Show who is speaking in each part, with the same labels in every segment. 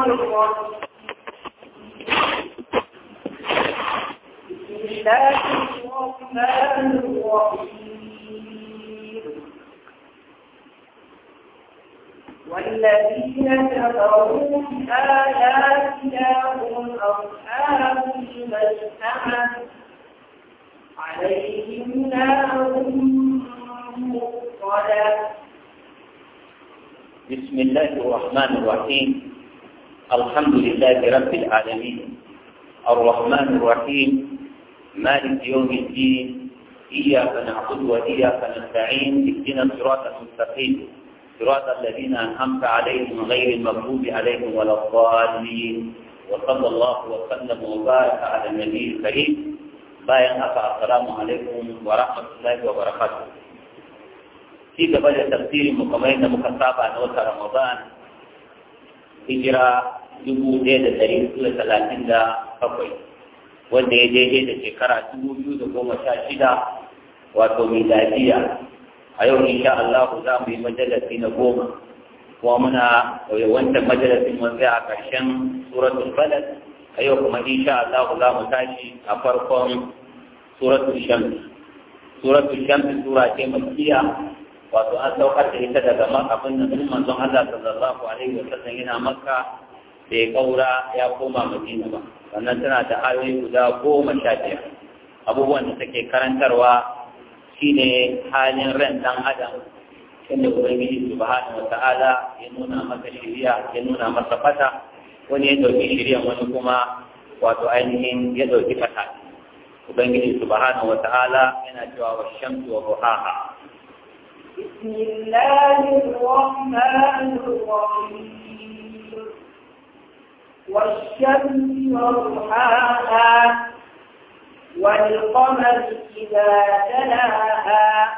Speaker 1: بسم الله الرحمن الرحيم والذين كفروا بآياتنا هم أصحاب المشأمة عليهم نار مؤصدة
Speaker 2: بسم الله الرحمن الرحيم الحمد لله رب العالمين الرحمن الرحيم مالك يوم الدين إياك نعبد وإياك نستعين اهدنا الصراط المستقيم صراط الذين أنعمت عليهم غير المغضوب عليهم ولا الضالين وصلى الله وسلم وبارك على النبي الكريم باين السلام عليكم ورحمة الله وبركاته في قبل تفسير مقامين مكتابة نوت رمضان هجرة dubu ɗaya da ɗari hudu da talatin da bakwai wanda ya daidai da shekara dubu biyu da goma sha shida wato miladiya a yau insha Allah za mu yi majalasi na goma kuma muna wancan majalasi mun tsaya a ƙarshen suratul falaq a yau kuma insha Allah za mu tashi a farkon suratul shams suratul shams sura ce makkiya wato an saukar da ita daga abin da manzon Allah sallallahu alaihi wa sallam yana makka bai kaura ya koma madina ba sannan tana da ayoyi guda goma sha biyar abubuwan da take karantarwa shine halin ran dan adam inda ubangiji subhanahu wata'ala ya nuna masa shiriya ya nuna masa fata wani ya dauki shiriya wani kuma wato ainihin ya dauki fata ubangiji subhanahu wata'ala yana cewa wa shamsu wa duhaha
Speaker 1: بسم الله الرحمن الرحيم والشمس وضحاها والقمر إذا تلاها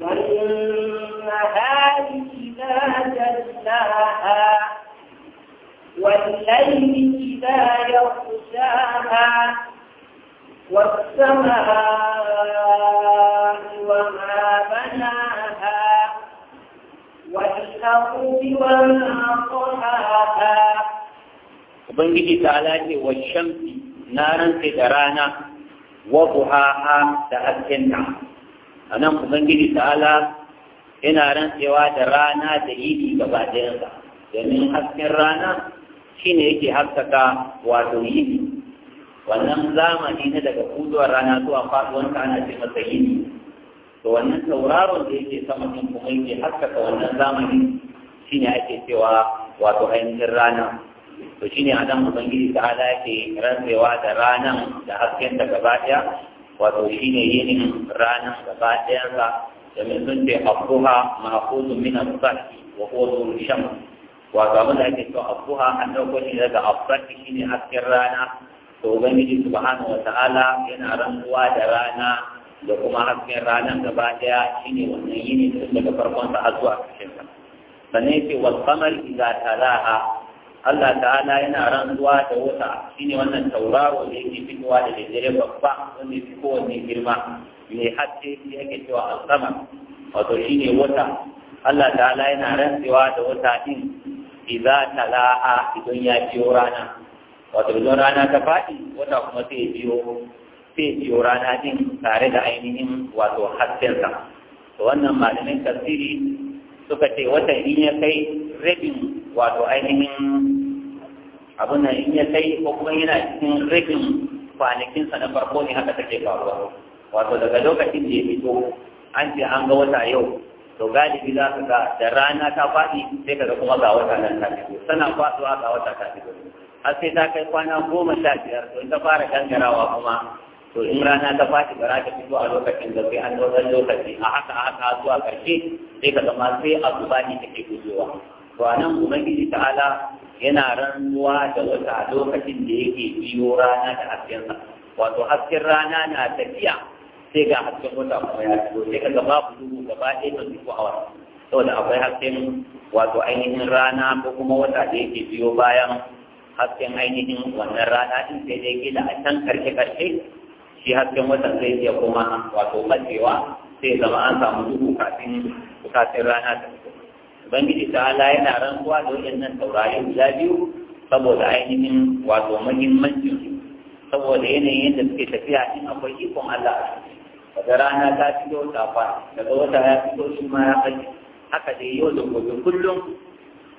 Speaker 1: والنهار إذا جلاها والليل إذا يغشاها والسماء وما بناها والأرض وما طحاها
Speaker 2: ubangiji ta alaƙe wa shamsi na rantse da rana wa buhaha da haskenta a nan ubangiji ta ala yana rantsewa da rana da yini gaba ɗayansa domin hasken rana shi ne yake haskaka wato yini wannan zamani na daga kuduwar rana zuwa ta ana ce masa yini to wannan tauraron da yake sama kuma yake haskaka wannan zamani shi ne ake cewa wato ainihin rana to shi shine adam ubangiji ta ala yake rantsewa da ranan da hasken da gaba daya wato shine yinin ranan gaba daya sa domin sun ce abuha mahfuzun min as-sarfi wa huwa dhul shams wato abin da ake cewa abuha an dauko shi daga as shi ne hasken rana to ubangiji subhanahu wa ta'ala yana rantsuwa da rana da kuma hasken ranar gaba Shi ne wannan yini daga farkon sa har zuwa ƙarshen sa sannan yake wal qamar idza talaha Allah ta'ala yana rantsuwa da wata shine wannan tauraro da yake fitowa da dare, babba wanda yake kowanne girma mai hatta shi yake cewa al-sama wato shine wata Allah ta'ala yana rantsuwa da wata din idza tala'a idan ya biyo rana wato idan rana ta faɗi wata kuma sai biyo sai biyo rana din tare da ainihin wato haskensa to wannan malamin tafsiri suka ce wata in ya kai rabin wato ainihin abin nan in ya kai ko kuma yana cikin rabin kwanakinsa na farko ne haka take faruwa wato daga lokacin da ya fito an ce an ga wata yau to galibi za ka ga da rana ta faɗi sai ka ga kuma ga wata nan ta fito tana faɗuwa ga wata ta fito har sai ta kai kwana goma sha biyar to in ta fara gangarawa kuma to in rana ta faɗi ba za ta fito a lokacin da sai an ɗaukar lokaci a haka a haka zuwa ƙarshe sai ka zama sai a zuba ne take gujewa to anan ubangiji ta'ala yana rantsuwa da wata lokacin da yake biyo rana da sa, wato hasken rana na tafiya sai ga hasken wata kuma ya fito sai kaga babu duhu gaba ɗaya ta duhu a wata saboda akwai hasken wato ainihin rana ko kuma wata da yake biyo bayan hasken ainihin wannan rana din sai dai gida a can karshe karshe shi hasken wata zai iya kuma wato ɓacewa sai zama an samu duhu kafin kafin rana ta ubangiji ta ala yana rantsuwa da waɗannan taurari guda biyu saboda ainihin wato muhimmancin saboda yanayin yadda suke tafiya in akwai ikon Allah daga rana ta fito safa daga wata ya fito shi ma ya kai haka dai yau da gobe kullum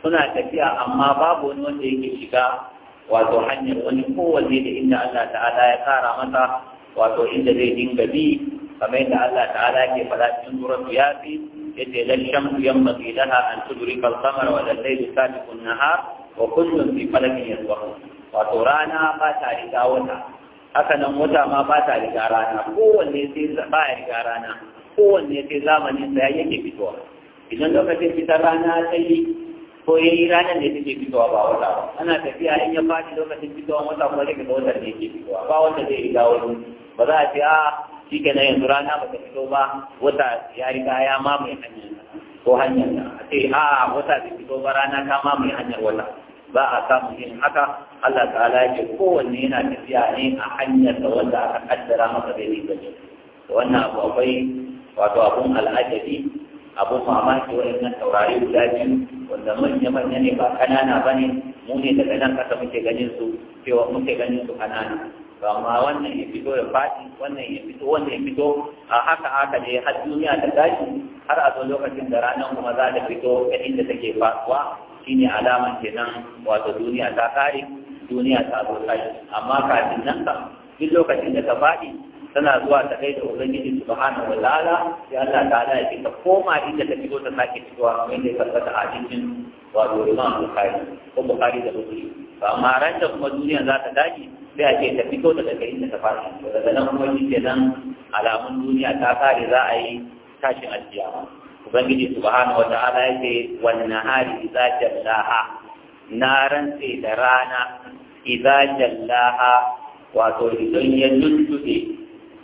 Speaker 2: suna tafiya amma babu wani wanda yake shiga wato hanyar wani kowanne da inda Allah ta'ala ya kara masa wato inda zai dinga bi kamar yadda Allah ta'ala ke faɗa cikin suratu yasin yace lan shamsu yanbaghi laha an tudrika al-qamara wa lan laylu sabiqu an-nahar wa kullun fi falakin yasbahun wato rana ba ta riga wata haka nan wata ma ba ta riga rana kowanne sai ba ya riga rana kowanne sai zamanin sa yake fitowa idan lokacin fitar rana ta yi ko ya yi ranar da take fitowa ba wata ba ana tafiya in ya faɗi lokacin fitowa wata ko ya ke wata da yake fitowa ba wata zai riga wani ba za a ce a shi ke nan yanzu rana ba ta fito ba wata ya riga ya mamaye hanyar ko hanyar da a ce a wata bai fito ba rana ta mamaye hanyar wata ba a samu yin haka Allah ta'ala ya ce kowanne yana tafiya ne a hanyar da wanda aka kaddara masa bai ba ne wannan abu akwai wato abun al'ajabi abun mamaki waɗannan taurari guda biyu wanda manya-manya ne ba ƙanana ba ne mu ne daga nan ƙasa muke ganin su cewa muke ganin su ƙanana amma wannan ya fito ya faɗi wannan ya fito wannan ya fito a haka haka ne har duniya ta tashi har a zo lokacin da ranar kuma za ta fito ta inda take faɗuwa shine alaman kenan wato duniya ta kare duniya ta zo tashi amma kafin nan ka duk lokacin da ta faɗi tana zuwa ta kai da ubangiji subhanahu wa ta'ala sai Allah ta'ala ya fita ta koma inda ta fito ta sake fitowa kamar inda ya tabbata a cikin wato Imam Bukhari ko bukari da Muslim to amma ranta kuma duniya za ta dage sai a ce ta fito daga garin da ta fara daga nan kuma shi ke nan alamun duniya ta kare za a yi tashin alkiyama ubangiji subhanahu wa ta'ala ya ce wannan hari idza jallaha na rantse da rana idza jallaha wato idan ya lulluɗe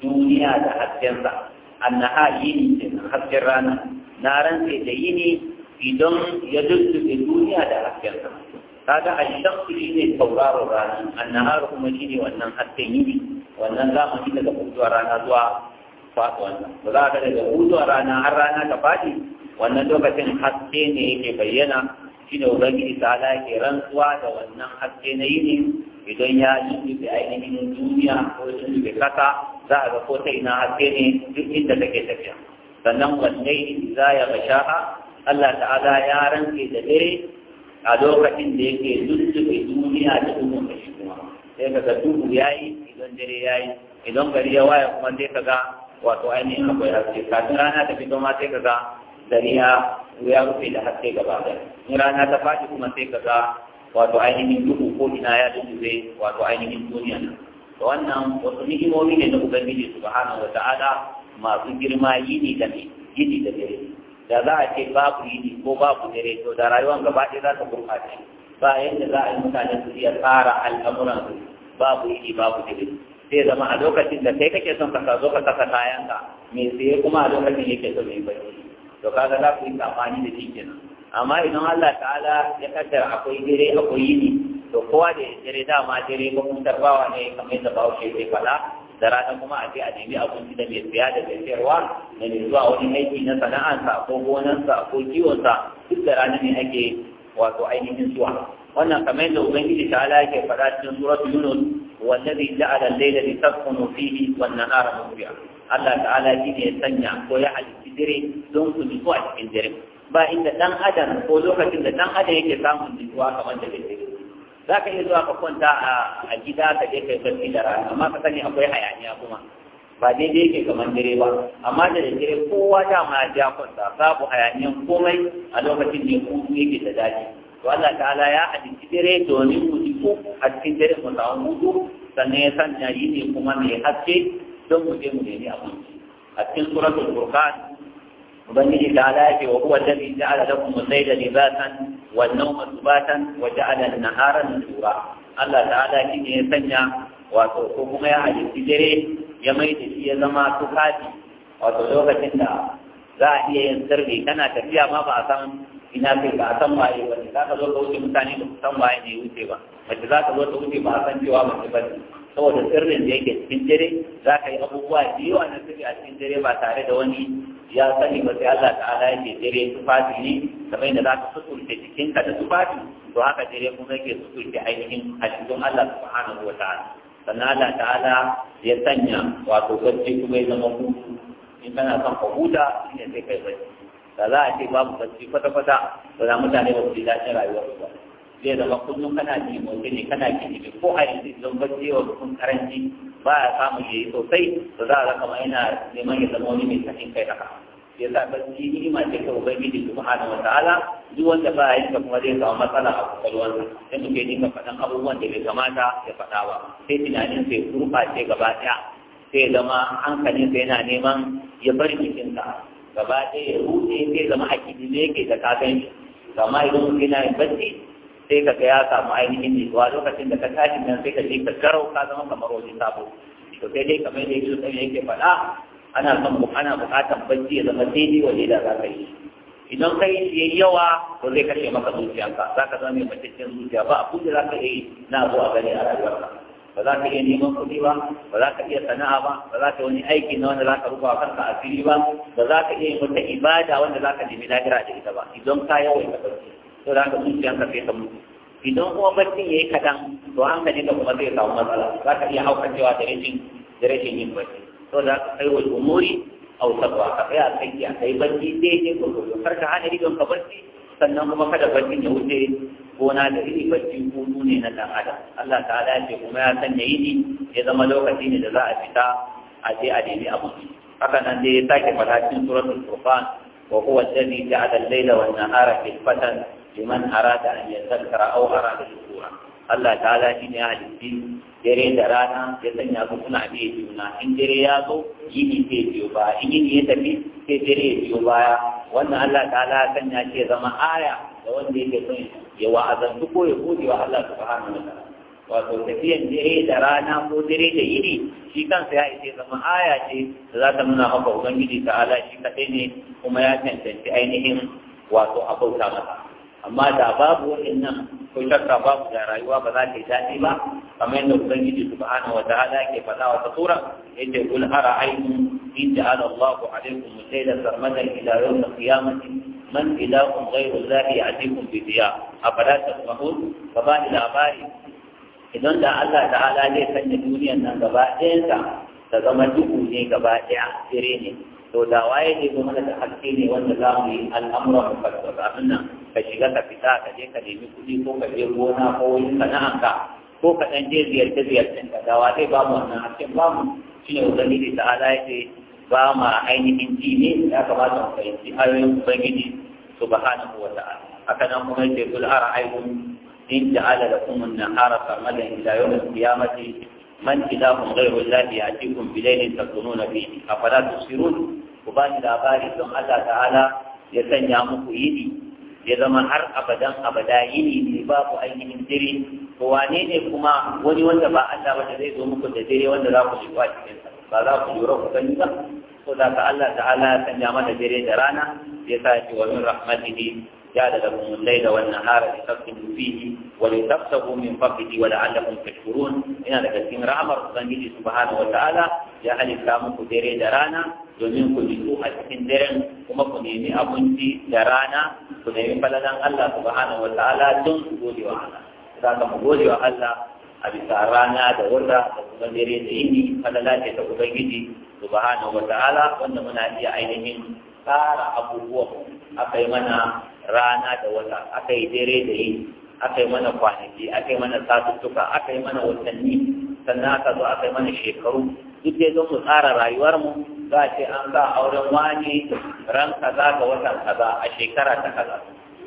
Speaker 2: duniya da hasken haskensa annaha yini kenan hasken rana na rantse da yini idan ya lulluɗe duniya da hasken sa. kaga a shakku shi ne sauraron rana nahar kuma shi ne wannan hasken yini wannan zamani daga hutuwar rana zuwa faɗuwan wannan ba za ka daga hutuwar rana har rana ta fadi wannan lokacin haske ne yake bayyana shi ne ubangiji ta ala ke rantsuwa da wannan haske na yini idan ya da ainihin duniya ko lullube kasa za a ga ko ta ina haske ne duk inda take tafiya sannan wannan za ya bashaha Allah ta'ala ya ranke da dare a lokacin da yake lullube duniya da duhun da shi kuma sai kaga duhu ya yi idan dare ya yi idan gari ya waya kuma sai ga wato ainihin akwai haske kafin rana ta fito ma sai ga gari ya ya rufe da haske gaba ɗaya in rana ta faɗi kuma sai ga wato ainihin duhu ko ina ya lullube wato ainihin duniya nan to wannan wasu ni'imomi ne na ubangiji subhanahu wa ta'ala masu girma yini da yini da dare da za a ce babu ne ko babu dare to da rayuwar gaba ɗaya za ta gurɓace ba yadda za a yi mutane su iya tsara al'amuran su babu ne babu dare sai zama a lokacin da kai kake son ka zo ka saka kayanka mai sai kuma a lokacin yake so mai bacci to kaga za ku yi amfani da shi kenan amma idan Allah ta'ala ya kaddara akwai dare akwai ne to kowa da dare dama dare ba mun tarbawa ne kamar yadda bawo ce faɗa da rana kuma a je a nemi abinci da mai siya da mai siyarwa da mai zuwa wani aiki na sana'arsa ko gonarsa ko kiwonsa duk da ranar ne ake wato ainihin zuwa wannan kamar yadda ubangiji ta ala yake faɗa cikin suratu yunus wallazi ja'ala al-layla litaskunu fihi wan-nahara mubia Allah ta'ala shi ne ya sanya ko ya halitti dare don ku nutsu a cikin dare ba inda dan adam ko lokacin da dan adam yake samun nutsuwa kamar da dare za ka iya zuwa ka kwanta a gida ka je kai barci da rana amma ka sani akwai hayaniya kuma ba daidai yake kamar dare ba amma da dare kowa ma ya kwanta babu hayaniyan komai a lokacin da hutu yake da daji to Allah ta'ala ya hadisi dare domin mu ji ko a cikin dare mu samu hutu sannan ya sanya yi ne kuma mai haske don mu je mu nemi abinci a cikin suratul furqan ubangiji ta ala yake wa huwa alladhi ja'ala lakum al-layla libasan wannan nawma subatan wa ja'ala an-nahara nusura Allah ta'ala shine ya sanya wato ko kuma ya halitti dare ya mai da shi ya zama tufafi wato lokacin da za a iya yin sirri kana tafiya ma ba a san ina kai ba a san waye ba ne za ka zo ka wuce mutane da san waye ne wuce ba mace za ka zo ka wuce ba a san cewa mace ba ne saboda sirrin da yake cikin dare za ka yi abubuwa da yawa na sirri a cikin dare ba tare da wani ya sani ba sai Allah ta'ala yake dare tufafi ne kamar yadda za ka suturce jikinka da tufafi to haka dare kuma yake suturce ainihin a cikin Allah subhanahu wa ta'ala sannan Allah ta'ala ya sanya wato bacci kuma ya zama hutu in kana son ka huta shine sai kai bacci da za a ce babu bacci kwata-kwata ba za mutane ba su ji daɗin rayuwar ba zai zama kullum kana ji motsi ne kana ne, ko a yanzu idan bacci wa mutum karanci ba a samu yayi sosai ba za a ga kamar yana neman ya zama wani mai sanin kai haka ya sa bacci ma ce ta ma'ana wa ta'ala duk wanda ba yin ka kuma zai samu matsala a kwakwalwarsa sai muke dinga faɗan abubuwan da bai kamata ya faɗa ba sai tunanin sai ce gaba ɗaya sai zama hankalinsa yana neman ya bari jikinsa gaba ɗaya ya huce sai zama a ne yake da kafin shi amma idan mutum yana yin bacci sai ka ga ya samu ainihin nutsuwa lokacin da ka tashi nan sai ka je ka garau ka zama kamar wani sabo to sai dai kamar da yake sai yake faɗa ana son ana buƙatar bacci ya zama daidai wani da za ka yi idan kai yi yawa to zai kashe maka zuciyarka za ka zama mai mataccen zuciya ba a kuma za ka yi na zuwa gani a rayuwarka ba za ka iya neman kuɗi ba ba za ka iya sana'a ba ba za ka wani aiki na wanda za ka rufa kanka a fili ba ba za ka iya wata ibada wanda za ka nemi lahira da ita ba idan ka ka barci to za ka zuciyanka sai ka mutu idan kuma barcin ya yi kaɗan to hankali ka kuma zai samu matsala za ka iya cewa da rashin da rashin yin barci to za ka kai wa umuri wasa, ba ka kai a a kai barci daidai ko har ka hana idon ka barci sannan kuma kada bakin ya wuce gona da iri bacci hutu ne na ɗan adam Allah ta'ala ya ce kuma ya sanya yini ya zama lokaci ne da za a fita a je a nemi abu haka nan dai ya sake fara cikin suratul furqan wa huwa alladhi ja'ala al-layla wan nahara khilfatan liman arada an yadhakkara aw arada shukura Allah ta'ala shi ne ya halitti dare da rana ya sanya su kuna biye juna in dare ya zo yini zai biyo baya in yini ya tafi sai dare ya biyo baya wannan Allah ta'ala ya sanya shi zama aya ga wanda yake son ya wa'azantu ko ya gode wa Allah ta'ala wato tafiyan dare da rana ko dare da yini shi kansa ya ishe zama aya ce da za ta nuna maka ubangiji ta'ala shi kaɗai ne kuma ya cancanci ainihin wato a bauta masa amma da babu nan ko shakka babu da rayuwa ba za ta yi daɗi ba kamar yadda ubangiji subhanahu wa ta'ala ke faɗa wa ta sura yace kul ara'aytum إن جعل الله عليكم الليل سرمدا إلى يوم القيامة من إله غير الله يأتيكم بضياء أفلا تسمعون فما إلى باري idan da Allah ta'ala zai sanya duniyar nan gaba ɗayansa ta zama duhu ne gaba ɗaya tsire ne to da waye ne kuma da haske ne wanda za mu yi al'amuran mu farko abin nan ka shiga ka fita ka je ka nemi kuɗi ko ka je gona ko wani ko ka ta'ala ya ce ba ma ainihin dini ya kamata mu fahimci ayoyin ubangiji subhanahu wa ta'ala haka nan kuma yake kul ara'aykum in ja'ala lakum an-nahara sarmadan ila yawm al-qiyamati man ilahun ghayru allahi ya'tikum bi laylin takununa fihi afala tusirun ku ba ni labari don Allah ta'ala ya sanya muku yini ya zama har abadan abada yini ne ku ainihin dare Ko wane ne kuma wani wanda ba Allah ba zai zo muku da dare wanda za ku shiga cikin sa ba za ku lura ku sani ba so da ka Allah ta'ala ya sanya mana dare da rana ya sa ki wa min rahmatihi ya da lakum al-layla wan nahara li tasbihu fihi wa li tabtahu min fadlihi wa la'allakum tashkurun ina da cikin rahmar ubangiji subhanahu wa ta'ala ya halitta muku dare da rana domin ku nutsu a cikin daren kuma ku nemi abinci da rana ku nemi falalan Allah subhanahu wa ta'ala don ku gode wa Allah za ka mu gode wa Allah a bisa rana da wata da kuma dare da yini falala ce ta ubangiji subhanahu wa ta'ala wanda muna iya ainihin tsara abubuwan aka mana rana da wata aka yi dare da yini aka yi mana kwanaki aka mana satuttuka akai mana watanni sannan aka zo aka mana shekaru duk dai don mu tsara rayuwarmu za a ce an sa auren wani ran kaza ga watan kaza a shekara ta kaza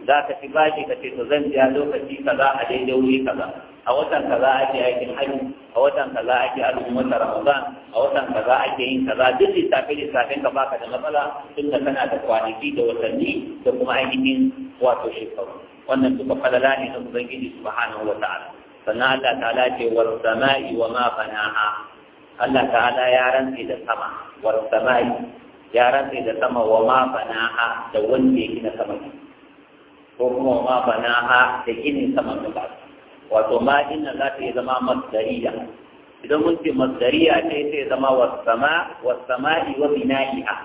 Speaker 2: za ka ci bashi ka ce to zan biya lokaci ka za a daidai wuri ka kaza a watan ka za a ke aikin hajji a watan ka kaza ake azumin wata ramadan a watan ka za a ke yin kaza duk lissafe lissafin ka baka da matsala tunda kana da kwanaki da watanni da kuma ainihin wato shekaru wannan duka falala ne na ubangiji subhanahu wa ta'ala sannan Allah ta'ala ce wal sama'i wa ma banaha Allah ta'ala ya rantsi da sama wa sama'i ya rantsi da sama wa ma banaha da wanda ya gina sama ko kuma ma ha da ginin saman da wato ma inna za ta yi zama masdariya idan mun ce masdariya ce sai zama wasama wasama'i wa bina'iha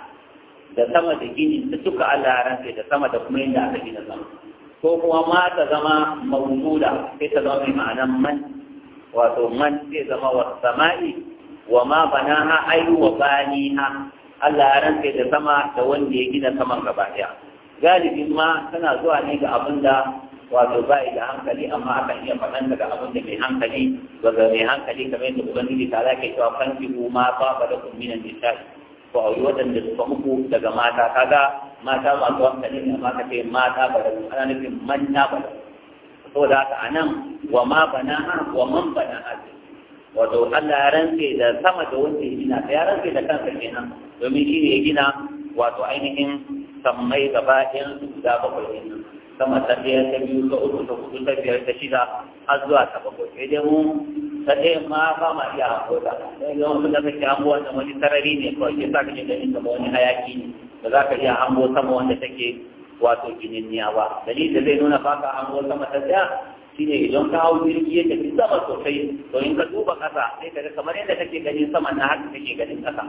Speaker 2: da sama da ginin ta duka Allah ya rantsa da sama da kuma inda aka gina sama ko kuma ma ta zama mawjuda sai ta zama mai ma'anan man wato man sai zama wasama'i wa ma banaha ay wa baniha Allah ya rantsa da sama da wanda ya gina saman gaba daya galibi ma tana zuwa ne ga abin da wato bai da hankali amma akan iya faɗan daga abin da mai hankali daga mai hankali kamar yadda ubangiji ta za ka yi cewa fanti ko ma ba ba da kumminan nisa'i ko a waɗanda suka muku daga mata kaga mata masu hankali ne amma ka ce mata ba da ana nufin manta ba da saboda haka a nan wa ma bana wa man bana hasi wato Allah ya rantse da sama da wanda ya gina ya rantse da kansa kenan domin shi ne ya gina wato ainihin sammai gaba ɗayan su guda bakwai ɗin sama ta ɗaya ta biyu ta uku ta hudu ta biyar ta shida har zuwa ta bakwai sai dai mu ta ɗaya ma ba ma iya hankota sai dai mu da kake hango wanda wani sarari ne kawai ke sa kake ganin da wani hayaki ne da za ka iya hango sama wanda take wato gininniya ba dalilin da zai nuna baka hango sama ta ɗaya shine idan ka hau jirgi ya tafi sama sosai to in ka duba kasa sai ka ga kamar yadda kake ganin sama na haka kake ganin kasa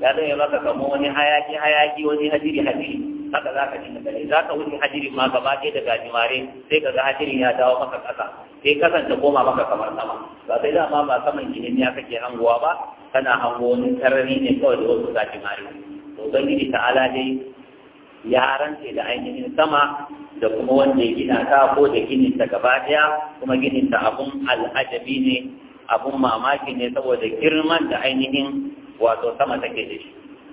Speaker 2: ya zai baka kamo wani hayaki hayaki wani hadiri hadiri haka za ka dinga gare za ka wuce hadirin ma gaba ɗaya daga jimare sai ka ga ya dawo maka ƙasa sai kasance koma maka kamar sama ba sai dama ba saman ginin ya kake hangowa ba kana hango wani sarari ne kawai da wasu ga jimare to ta ala dai ya rantse da ainihin sama da kuma wanda ya gina ta ko da ginin ta gaba ɗaya kuma ginin ta abun al'ajabi ne abun mamaki ne saboda girman da ainihin wato sama take da shi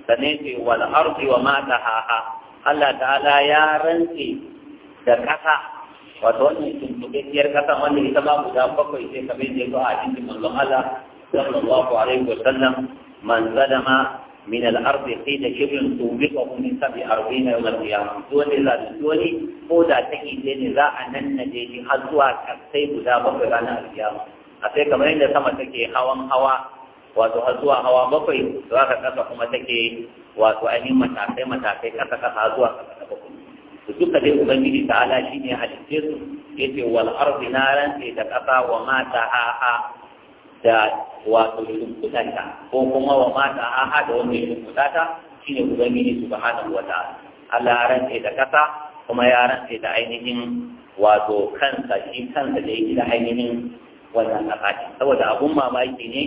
Speaker 2: sannan ce wal ardi wa ma ha Allah ta'ala ya rantse da ƙasa wato wannan tuntuɓecciyar ƙasa wanda ita ma guda bakwai sai kamar yadda zuwa a cikin manzon Allah sallallahu alaihi wa sallam man zalama min al-ard qila shibrun tubiqahu min sab'i arba'ina yawm al-qiyamah to wanda za su wani ko da take ne za a nan na je har zuwa sai guda bakwai ranar al-qiyamah a sai kamar yadda sama take hawan hawa wato har zuwa hawa bakwai za ka ƙasa kuma take wato ainihin matakai matakai ƙasa ƙasa zuwa ƙasa bakwai su duka dai ubangiji ta ala shi ne halitte su ya ce wal arzi na rantse da ƙasa wa mata ha'a da wato lumfutanta ko kuma wa mata ha'a da wani ya lumfutata shi ne ubangiji su ba hana wata Allah ya rantse da ƙasa kuma ya rantse da ainihin wato kansa shi kansa da yake da ainihin wannan kasa saboda abun mamaki ne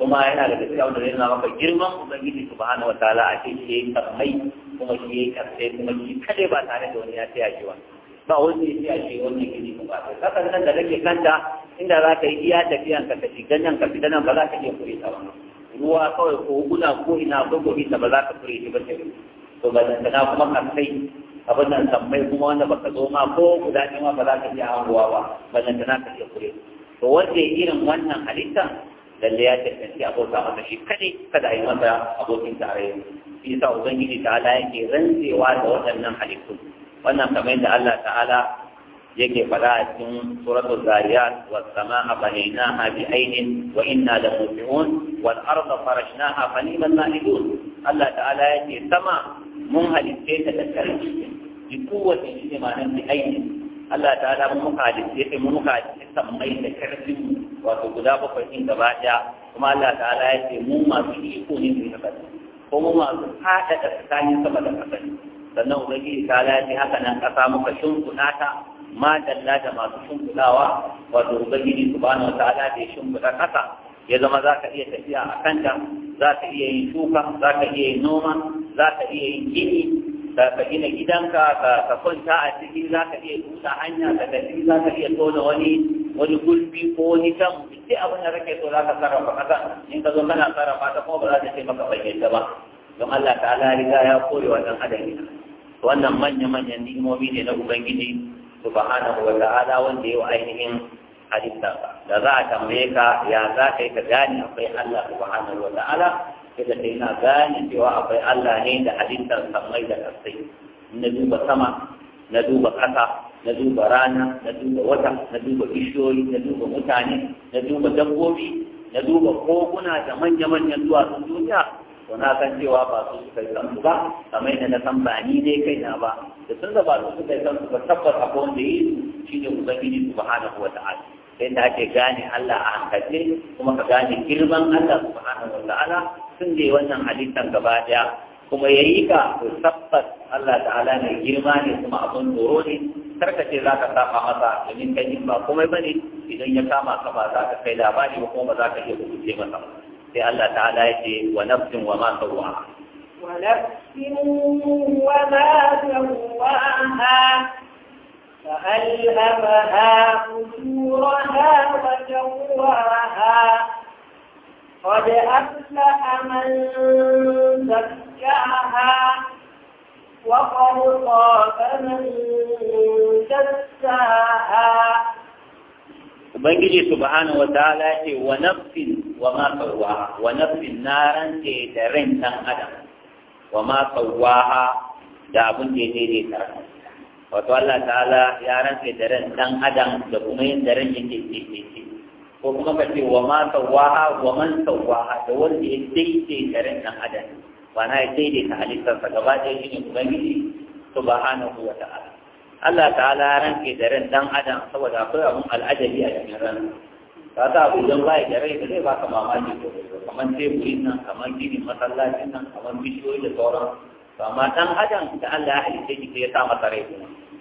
Speaker 2: kuma yana da gaske wanda zai maka girman ubangiji wa wataala a ce shi mai kuma shi karfe kuma shi kadai ba tare da wani ya tsaya shi ba ba wani ya tsaya shi wani gidi kuma ba kaka nan da kake kanta inda za ka yi iya tafiyan ka tafi ganyen ka fita nan ba za ka iya kure ta ba ruwa kawai ko guna ko ina ko gobe ba za ka kure shi ba ce to ba da kana kuma karfai abin nan sammai kuma wanda ka zo ma ko guda ɗaya ma ba za ka iya hangowa ba ba da kana ka iya kure to wanda irin wannan halittan lalle ya tantance abota masa shi kadai kada a yi masa abokin tarayya shi yasa ubangiji ta ala yake rantsewa da waɗannan halittu wannan kamar yadda Allah ta'ala yake faɗa a cikin suratul zariyat was samaa banaynaha bi ainin wa inna la muslimun wal arda farashnaha fa ni'mal mahidun Allah ta'ala yake sama mun halitte ta da karfi bi kowace shi ne bi ainin Allah ta da mun muka ke mun muka halitta sammai da karfi wato guda bakwai din gaba daya kuma Allah ta ala ya ce mu masu iko ne da kasa ko mu masu hada da tsakanin sama da kasa sannan ubangi ta ala ya ce haka nan kasa muka guda ta ma dalla da masu gudawa wato ubangi subhanahu wa ta'ala da shin guda kasa ya zama za ka iya tafiya a kanta za ka iya yin shuka za ka iya yin noma za ka iya yin gini ka gina gidanka ka kwanta a ciki za ka iya tuta hanya ka ciki, za ka iya tona wani wani gulbi ko wani dam duk abin da kake so za ka sarrafa kasa in ka zo kana sarrafa ta kuma ba za ta ce maka bayyanta ba don Allah ta'ala riga ya kore wannan adadi wannan manya-manyan ni'imomi ne na ubangiji subhanahu wa ta'ala wanda ya ainihin halitta da za a tambaye ka ya za ka yi ka gane akwai Allah subhanahu wa ta'ala sai da ina gane cewa akwai Allah ne da halittar samai da kasai na duba sama na duba ƙasa na duba rana na duba wata na duba bishiyoyi na duba mutane na duba dabbobi na duba koguna da manya-manyan duwatsun duniya to na san cewa ba su suka yi kansu ba kamar yadda na san ba ni ne kai na ba da sun ba su suka yi kansu ba tabbas akwai wanda yi shi ne ubangiji subhanahu wa ta'ala da ake gane Allah a hankalce kuma ka gane girman Allah subhanahu wa sun da wannan halittar gaba daya kuma ya yi ka to tabbas Allah ta'ala mai girma ne kuma abin tsoro ne tarkace za ka saba masa domin kai ba komai ba ne idan ya kama ka ba za ka kai labari ba kuma ba za ka iya kuce masa sai Allah ta'ala ya ce wa nafsin wa ma sawwaha
Speaker 1: wa nafsin wa ma sawwaha فألهمها فجورها وتقواها قد أفلح من زكاها وقد خاب من دساها
Speaker 2: Ubangiji subhanahu wa ta'ala ce wa nafsin wa ma sawwaha wa nafsin naran ce da ran dan adam wa ma sawwaha da abin da ya daidaita wato Allah ta'ala ya rantsa daren dan adam da kuma yin da ran yake tsaye ko kuma ka ce wa ma sawaha wa man sawaha da wanda ya daidai daren dan adam ba na ya daidai ta halittarsa gaba ɗaya shi ne ubangiji subhanahu wa ta'ala Allah ta'ala ya rantsa da ran dan adam saboda akwai abun al'ajabi a cikin ran ka ta abu idan bai da rai da zai baka mamaki ko kamar teburin nan kamar gini masallacin nan kamar bishiyoyi da sauran. to amma dan adam da Allah ya halice shi ya sa masa rai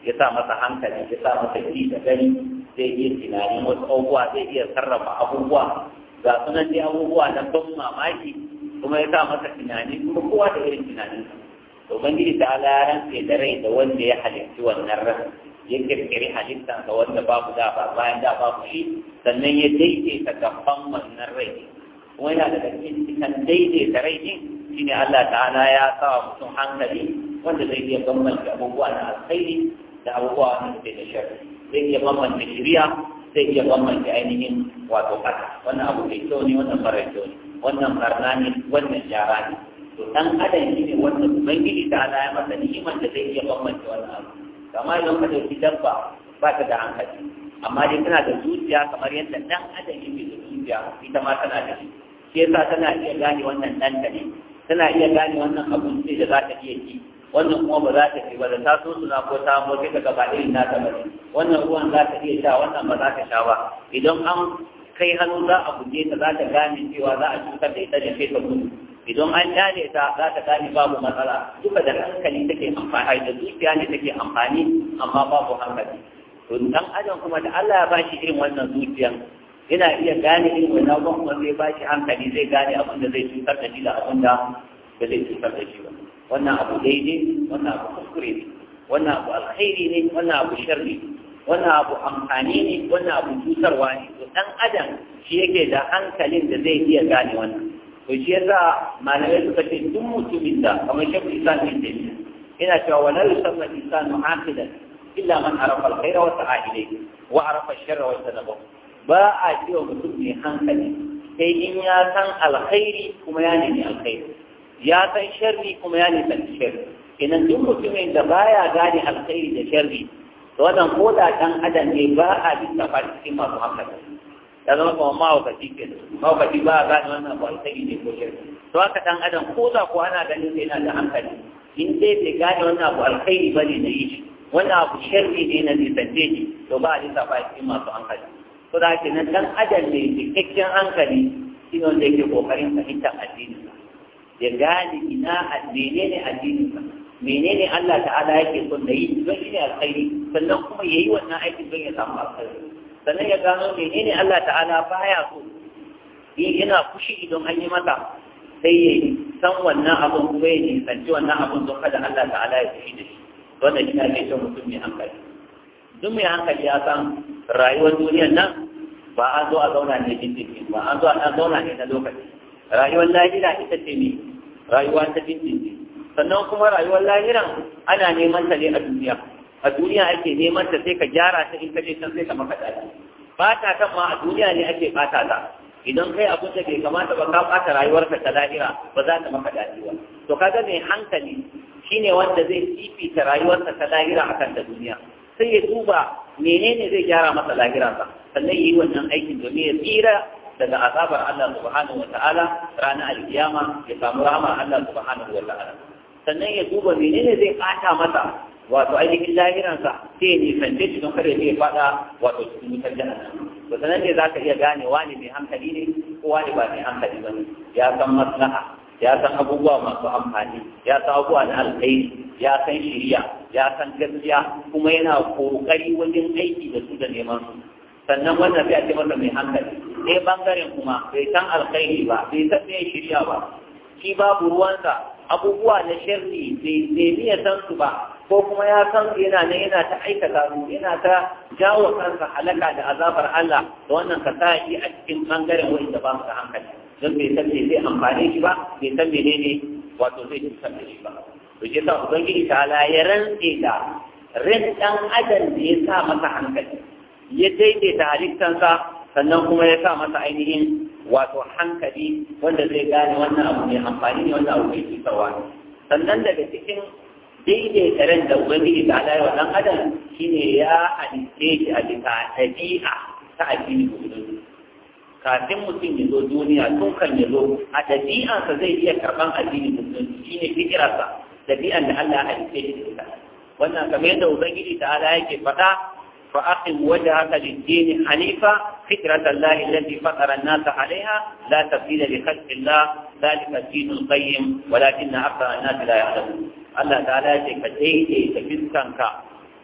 Speaker 2: ya sa masa hankali ya sa masa ji da gani zai iya tunani wasu abubuwa zai iya sarrafa abubuwa ga sunan dai abubuwa na ban mamaki kuma ya sa masa tunani kuma kowa da irin tunaninsa to ubangiji ta Allah ya rantse da rai da wanda ya halicci wannan ran ya kirkiri halittansa wanda babu da ba bayan da babu shi sannan ya daidaita gaban wannan rai kuma yana da cikin daidaita rai din shine Allah ta'ala ya sa mutum hankali wanda zai iya bambanta abubuwa na alkhairi da abubuwa na zai da shari zai iya bambanta shiriya zai iya bambanta ainihin wato ƙasa wannan abu mai kyau ne wannan mara kyau ne wannan barna ne wannan jara ne to dan adam shi ne wanda ubangiji ta ala ya masa ni'imar da zai iya bambanta wannan abu kamar idan ka dauki dabba ba ta da hankali amma dai tana da zuciya kamar yadda dan adam yake da zuciya ita ma tana da shi shi yasa tana iya gane wannan ɗanta ne tana iya gane wannan abun sai da za ta iya yi wannan kuma ba za ta yi ba da ta so suna ko ta amurke ta gaba irin nata ba wannan ruwan za ta iya sha wannan ba za ta sha ba idan an kai hannu za a buje ta za ta gane cewa za a cutar da ita da sai ta idan an kyale ta za ta gane babu matsala duka da hankali take amfani da zuciya ne take amfani amma babu hankali to dan adam kuma da Allah ya bashi irin wannan zuciyan yana iya gane irin wannan abubuwan kuma zai ba hankali zai gane abin da zai cutar da shi da abin da ba zai cutar da shi ba wannan abu daidai wannan abu kuskure ne wannan abu alkhairi ne wannan abu sharri wannan abu amfani ne wannan abu cutarwa ne to dan adam shi yake da hankalin da zai iya gane wannan to shi yasa malamai suka ce duk mutumin da kamar shafi isan bin tafiya yana cewa wala yusamma insanu aqilan illa man arafa alkhaira wa sa'a ilayhi wa arafa sharra wa tanabahu ba a cewa mutum mai hankali sai in ya san alkhairi kuma ya nemi alkhairi ya san sharri kuma ya nisanci sharri kenan duk mutumin da baya gane alkhairi da sharri to wannan ko da dan adam ne ba a bisa cikin masu hankali ya zama kuma mawakaci ke mawakaci ba a gane wannan ba alkhairi ne ko sharri to haka dan adam ko da ko ana ganin sai yana da hankali in dai bai gane wannan abu alkhairi ba ne na yi shi wannan abu sharri ne na nisance shi to ba a lissafa cikin masu hankali ko da ke nan dan adam mai cikakken hankali shi ne wanda yake kokarin fahimtar addinin ya gane ina menene addinin sa menene Allah ta'ala yake son da yi don shi ne alkhairi sannan kuma yayi wannan aikin don ya samu alkhairi sannan ya gano menene Allah ta'ala baya so ina fushi idan an yi mata sai ya san wannan abun kuma ya nisanci wannan abun don kada Allah ta'ala ya fushi da shi wannan shi ne ake son mutum mai hankali duk mai hankali ya san rayuwar duniyar nan ba an zo a zauna ne jinjin ba an zo a zauna ne na lokaci rayuwar lahira ita ce ne rayuwa ta jinjin sannan kuma rayuwar lahiran ana neman ta ne a duniya a duniya ake neman ta sai ka gyara ta in ka je can sai ka maka dadi ba ta kan ma a duniya ne ake bata ta idan kai abin da bai kamata ba ka bata rayuwarka ta lahira ba za ta maka dadi ba to kaga mai hankali shine wanda zai fifita rayuwarsa ta lahira akan ta duniya sai ya duba menene zai gyara masa lahiransa sannan yi wannan aikin domin ya tsira daga azabar Allah subhanahu wa ta'ala ranar alkiyama ya samu rahama Allah subhanahu wa ta'ala sannan ya duba menene zai kata masa wato ainihin lahiransa sai ya nisance shi don kada zai fada wato cikin wutar jahannam to sanan ne zaka iya gane wani mai hankali ne ko wani ba mai hankali ba ne ya san maslaha ya san abubuwa masu amfani ya san abubuwa na alkhairi ya san shirya ya san gaskiya kuma yana kokari wajen aiki da su da neman su sannan wannan bai ce masa mai hankali ɗaya bangaren kuma bai san alkhairi ba bai san mai shirya ba shi babu ruwansa abubuwa na sharri bai nemi ya san su ba ko kuma ya san yana nan yana ta aikata su yana ta jawo kansa halaka da azabar Allah da wannan ka kasa'i a cikin bangaren da ba mu da hankali don bai san me zai amfane shi ba bai san ne wato zai cutar da shi ba to shi yasa ubangiji ta ala ya rantse da rin dan adam da ya sa masa hankali ya daidaita halittansa sannan kuma ya sa masa ainihin wato hankali wanda zai gane wannan abu mai amfani ne wannan abu mai cutarwa sannan daga cikin daidai karen da ubangiji ta ala yawa dan adam shine ya halitte shi a bisa ɗabi'a ta addini musulunci kafin mutum ya zo duniya tun kan ya zo a ɗabi'ansa zai iya karɓan addini musulunci shine fikirarsa ɗabi'an da Allah ya halitte shi da wannan kamar yadda ubangiji ta ala yake faɗa فأقم وجهك للدين حنيفا فكرة الله التي فطر الناس عليها لا تبديل لخلق الله ذلك الدين القيم ولكن أكثر الناس لا يعلمون Allah ta'ala ce ka daidaita fiskanka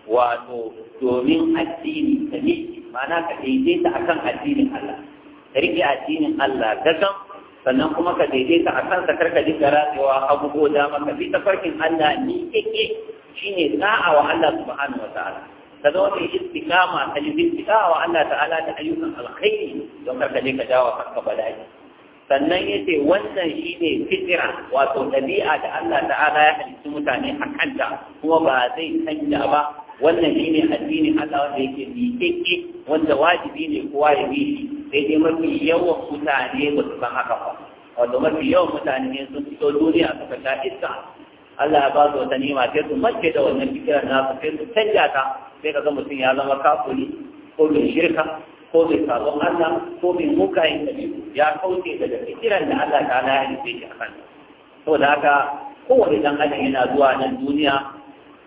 Speaker 2: wato domin addini da ne ma'ana ka daidaita akan addinin Allah ka rike addinin Allah gasan sannan kuma ka daidaita a kansa karka ji ratsewa abubuwa dama ka bi tafarkin Allah ni keke shine da'a wa Allah subhanahu wa ta'ala ka zama mai istiqama ka yi istiqama wa Allah ta'ala da ayyukan alkhairi don karka je ka dawo kanka bala'i sannan ya ce wannan shi ne fitira wato ɗabi'a da Allah ta'ala ya halittu mutane a kanta kuma ba zai canja ba wannan shi ne addinin Allah wanda yake miƙeƙe wanda wajibi ne kowa ya bi shi sai dai mafi yawan mutane ba su san haka ba wato mafi yawan mutane ne sun fito duniya suka sha iska Allah ya ba su wata nima sai su mace da wannan fitira nasu sai su canja ta sai ka ga mutum ya zama kafuri ko shirka ko bai sabon Allah ko bai da biyu, ya kauce daga fikiran da Allah ta ya da shi a to da haka kowane dan Allah yana zuwa nan duniya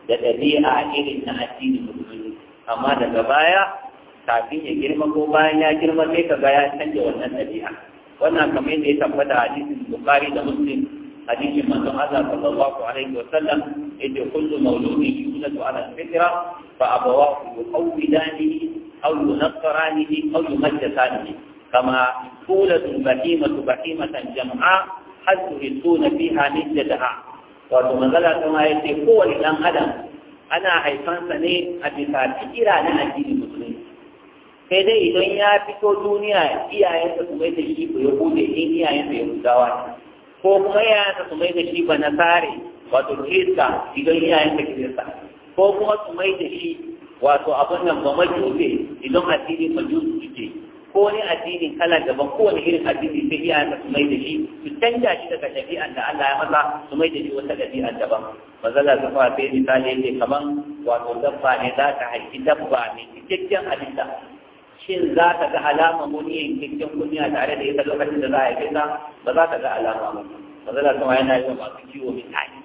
Speaker 2: da dabi'a irin na addini musulmi amma daga baya kafin ya girma ko bayan ya girma sai ka ga ya canja wannan dabi'a wannan kamar yadda ya tabbata a hadisin bukari da muslim hadisin manzon Allah sallallahu alaihi wa sallam yadda kullu mawludin yuladu ala fitra fa abawahu yuqawwidanihi أو ينصرانه أو يمجسانه كما تولد البهيمة بهيمة جمعاء هل تهلكون فيها نجدها wato manzala ta ma yace kowane dan adam ana haifansa ne a bisa fikira na addinin sai dai idan ya fito duniya iyayensa su mai da shi ko yahude in iyayensa ya yahudawa ko kuma iyayensa su mai da shi ba na tsare wato kirista idan iyayensa kirista ko kuma su mai da shi wato abin nan ba mai majuse idan addini majusu suke ko wani addini kala daban ko wani irin addini sai iya ta su mai da shi su canja shi daga ɗabi'ar da Allah ya masa su mai da shi wata ɗabi'ar daban mazala ta fa sai misali ne kaman wato dabba ne za ta haifi dabba ne cikakken abinda shin za ka ga alama muni yankakken kunya tare da ita lokacin da za a yi ta ba za ka ga alama ba mazala ta yana yi wa masu kiwo misali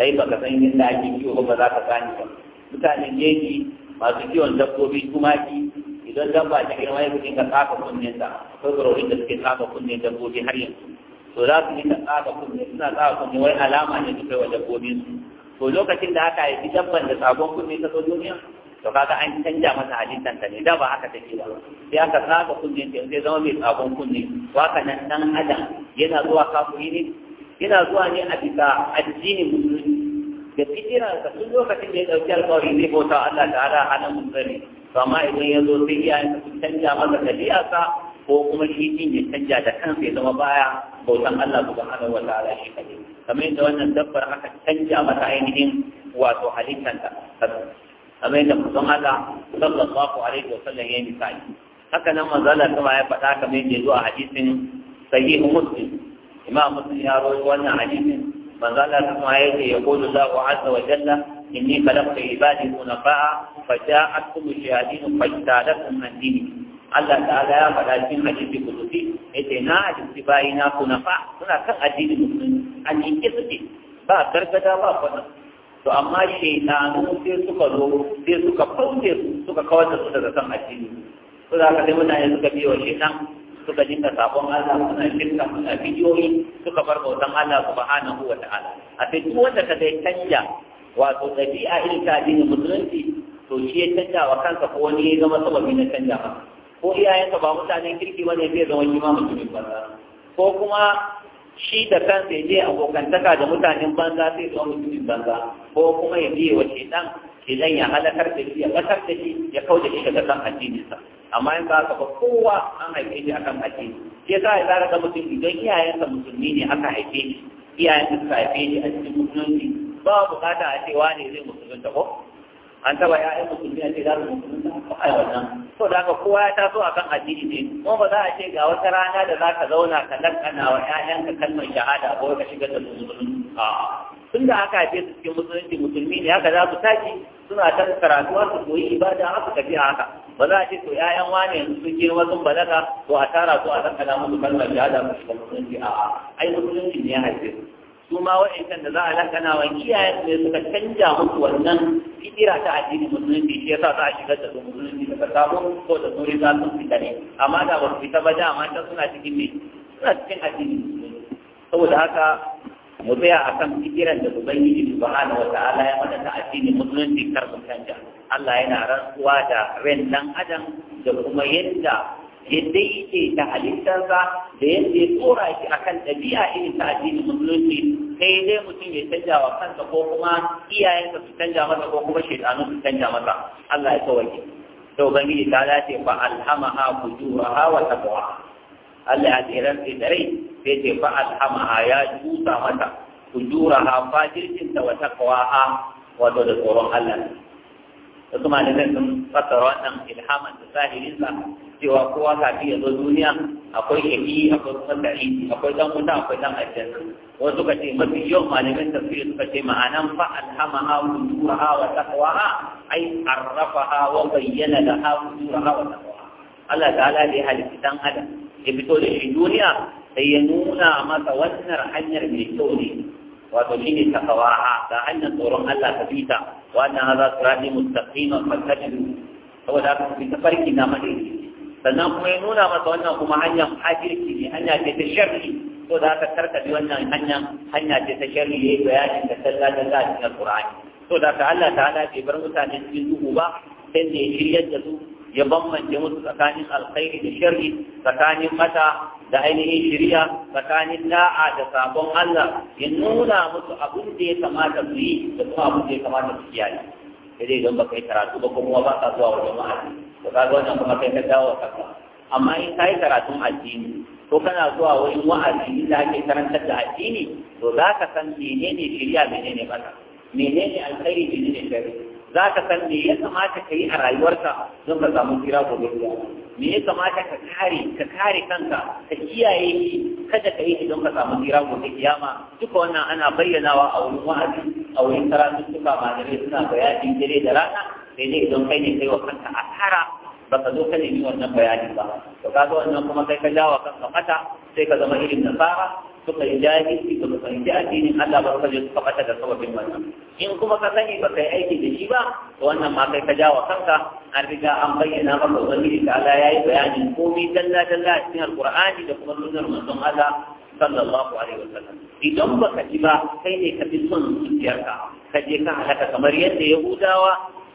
Speaker 2: sai baka san yadda ake kiwo ba za ka gane ba mutanen jeji masu kiwon dabbobi tumaki idan dabba ta girma ya fi ka tsafa kunnen ta ka rohin da suke tsafa kunnen dabbobi har yanzu to za su yi ka tsafa kunne suna tsafa kunne wai alama ne su kai wa dabbobin su to lokacin da aka haifi dabban da sabon kunne ta zo duniya to kaga an canja masa halittar ta ne da ba haka take ba sai aka saba kunne ta sai zama mai sabon kunne waka nan dan adam yana zuwa kafuri ne yana zuwa ne a bisa addinin musulunci da fikiran ka sun lokacin da ya dauki alƙawari ko ta Allah ta'ala hana mun gani to amma idan ya zo sai iyayen ka sun canja masa ɗabi'arsa ko kuma shi din ya canja da kansa ya zama baya bautan Allah subhanahu wa ta'ala shi kadai kamar yadda wannan dabbar aka canja mata ainihin wato halittanta kamar yadda mutum Allah sallallahu alaihi wa sallam ya misali haka nan manzala kuma ya faɗa kamar yadda a hadisin sahihu muslim imam muslim ya rawaito wannan hadisin manzo Allah ta kuma yake ya kodo za ku azza wa jalla inni khalaqtu ibadi munafa'a fa ja'atkum shahidin fa ta'adakum min dini Allah ta'ala ya faɗa cikin hadisi kutubi yace na ajisi bai na kunafa suna kan addinin musulmi an yi kisti ba gargada ba fa to amma shaytanu sai suka zo sai suka suka kawar da su daga kan addini su da aka dai mutane suka biyo shaytan suka dinga sabon Allah suna shirka suna bidiyoyi suka bar bautan Allah subhanahu wa ta'ala a sai duk wanda ka zai canja wato ɗabi'a irin ta addinin musulunci to shi ya canja wa kansa ko wani ya zama sababi na canja ba ko iyayensa ba mutanen kirki ba ne zai zama shi ma mutumin banza ko kuma shi da kansa ya je abokantaka da mutanen banza sai zama mutumin banza ko kuma ya biye wa shi shedan idan ya halakar da shi ya kasar da shi ya kauce shi daga kan addininsa amma in ba haka kowa an haife shi akan addini shi yasa ya tsara ga mutum idan iyayensa musulmi ne aka haife shi iyayensa suka haife shi a cikin musulunci ba bukata a cewa ne zai musulunta ko an taba ya'yan musulmi a ce za su musulunta ko a wannan so da haka kowa ya taso akan addini ne kuma ba za a ce ga wata rana da za ka zauna ka lakana wa 'ya'yanka kalmar shahada ko ka shiga da su musulunci a'a tun da aka haife su cikin musulunci musulmi ne haka za su tashi suna ta karatu su koyi ibada haka tafiya haka ba za a ce to ƴaƴan wane yanzu sun girma wasu balaga to a tara su a kankana musu kalmar shahada musu da musulunci a ai musulunci ne ya haife su su ma wa'ancan da za a lankana wa iyayen ne suka canja musu wannan fikira ta addinin musulunci shi yasa za a shigar da su musulunci daga samu ko da za su fita ne amma da ba su fita ba da amma suna cikin ne suna cikin addinin musulunci saboda haka mu tsaya a kan fikiran da ubangiji subhanahu wa ta'ala ya mata ta addini musulunci kar mu canja Allah yana rantsuwa da ran dan adam da kuma yadda yadda yake ta halittarsa da yadda ya tsora shi kan ɗabi'a irin ta addinin musulunci sai dai mutum ya canja wa kansa ko kuma iyayensa su canja masa ko kuma shaidanu su canja masa Allah ya kawai to ubangiji ta dace fa alhamaha ha wa taqwa Allah ya tsira da rai sai ce fa alhamaha ya tusa mata fujuraha fajircin ta wa taqwaha wato da tsoron Allah wasu malamai sun fassara wannan ilhaman da zahirin sa cewa kowa ka ya yanzu duniya akwai yaki akwai kuma sa'i akwai dan wuta akwai dan aljanna wasu suka ce mafi yawan malamin tafsiri suka ce ma'anan fa alhamaha fujuraha wa taqwaha ai arrafaha wa bayyana da laha fujuraha wa taqwaha Allah ta'ala da ya halitta dan adam ya fito da shi duniya sai ya nuna masa wannan hanyar mai kyau ne wato shi ne takawa da hanyar tsoron Allah ta bita wannan haza sirati mustaqima fattabi'u saboda haka ku ta farki na madai sannan kuma ya nuna masa wannan kuma hanyar hajirki ne hanya ce ta sharri so da haka karkabi wannan hanya hanya ce ta sharri ya yi bayanin da sallah da za a cikin alƙur'ani so da haka Allah ta'ala bai bar mutane cikin duhu ba sai da ya shiryar da su ya bambance musu tsakanin alkhairi da sharri tsakanin mata da ainihin shirya tsakanin da'a da sabon Allah ya nuna musu abin da ya kamata su yi da kuma abin da ya kamata su kiyaye sai dai idan baka yi karatu ba kuma ba ka zuwa wajen ma'aji Ba ka zuwa wajen kuma kai ka dawo kasa. amma in ka yi karatun addini ko kana zuwa wurin wa'azi da ake karantar da addini to za ka san menene shirya menene bata menene alkhairi menene shari'a za ka san me ya kamata ka yi a rayuwarka don ka samu kira gobe me ya kamata ka kare ka kare kanka ka kiyaye shi kada ka yi don ka samu kira gobe kiyama duka wannan ana bayyanawa a wurin wa'azi a wurin karatuttuka malamai suna bayani dare da rana sai dai don kai ne kai wa kanka tara ba ka zo ka nemi wannan bayani ba to zo wannan kuma kai ka jawa kanka mata sai ka zama irin nasara suka yi jahilci ba su fahimci addinin Allah ba suka je suka da sababin wannan in kuma ka sani ba kai aiki da shi ba to wannan ma kai ka jawo kanka an riga an bayyana maka ubangiji ta Allah yayi bayanin komai dalla dalla a cikin alqur'ani da kuma sunnar manzon Allah sallallahu alaihi wasallam idan ba ka ji ba kai ne ka fi son zuciyarka ka je ka halaka kamar yadda yahudawa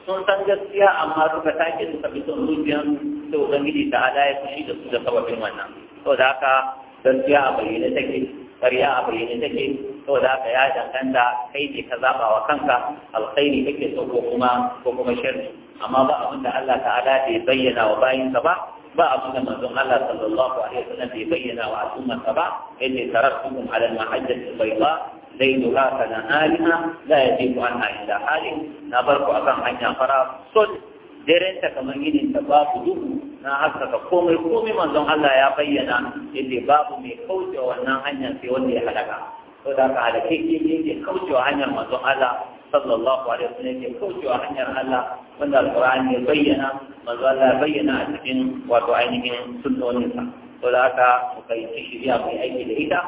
Speaker 2: sun san gaskiya amma suka take suka fi son zuciyarsu sai ubangiji ta Allah ya fushi da su da sababin wannan da haka gaskiya a bayyane take ƙarya a bayyane take da haka ya danganta kai ne ka zaɓa wa kanka alkhairi kake so ko kuma ko kuma sharri amma ba abin da Allah ta'ala bai bayyana wa bayinsa ba ba abin da manzon Allah sallallahu alaihi wasallam bai bayyana wa al'ummarsa ba inni taraktukum ala al-mahajjati bayda ليلها كنهارها لا يزيد عنها hali na barku akan hanya fara صدق daren ta kamar yinin ta babu duhu na haskaka komai komai manzon Allah ya bayyana inda babu mai kaucewa wannan hanyar sai wanda ya halaka to da ka halake ke yake kaucewa hanyar manzon Allah sallallahu alaihi wasallam yake kaucewa hanyar Allah wanda alqur'ani ya bayyana manzon Allah ya bayyana a cikin wato ainihin sunnoninsa to da haka mu fahimci shirya mai aiki da ita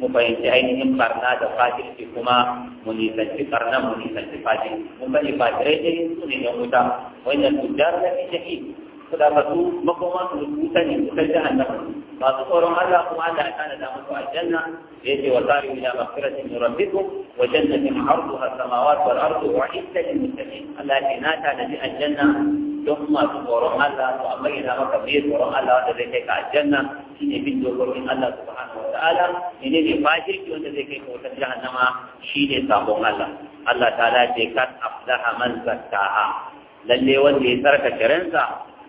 Speaker 2: mu fahimci ainihin barna da fatirci kuma mu nisanci barna mu nisanci fatirci mun bani fatirai dai su ne yan wuta wannan tudar na fi shahidi فدابتو مقوما سنسوتني مسجد النفس ما تصورون ألا كان دامتو الجنة يجي وصاروا إلى مغفرة من ربكم وجنة عرضها السماوات والأرض وعدة للمتقين ألا تناتا نبي الجنة ثم تصورون ألا وأمينا وكبير ورون ألا وتذيكيك الجنة إن بنت من الله سبحانه وتعالى إن اللي فاجر كي وتذيكيك وترجع إنما شيء صابون الله الله تعالى قد أفلح من زكاها للي ولي ترك شرنسا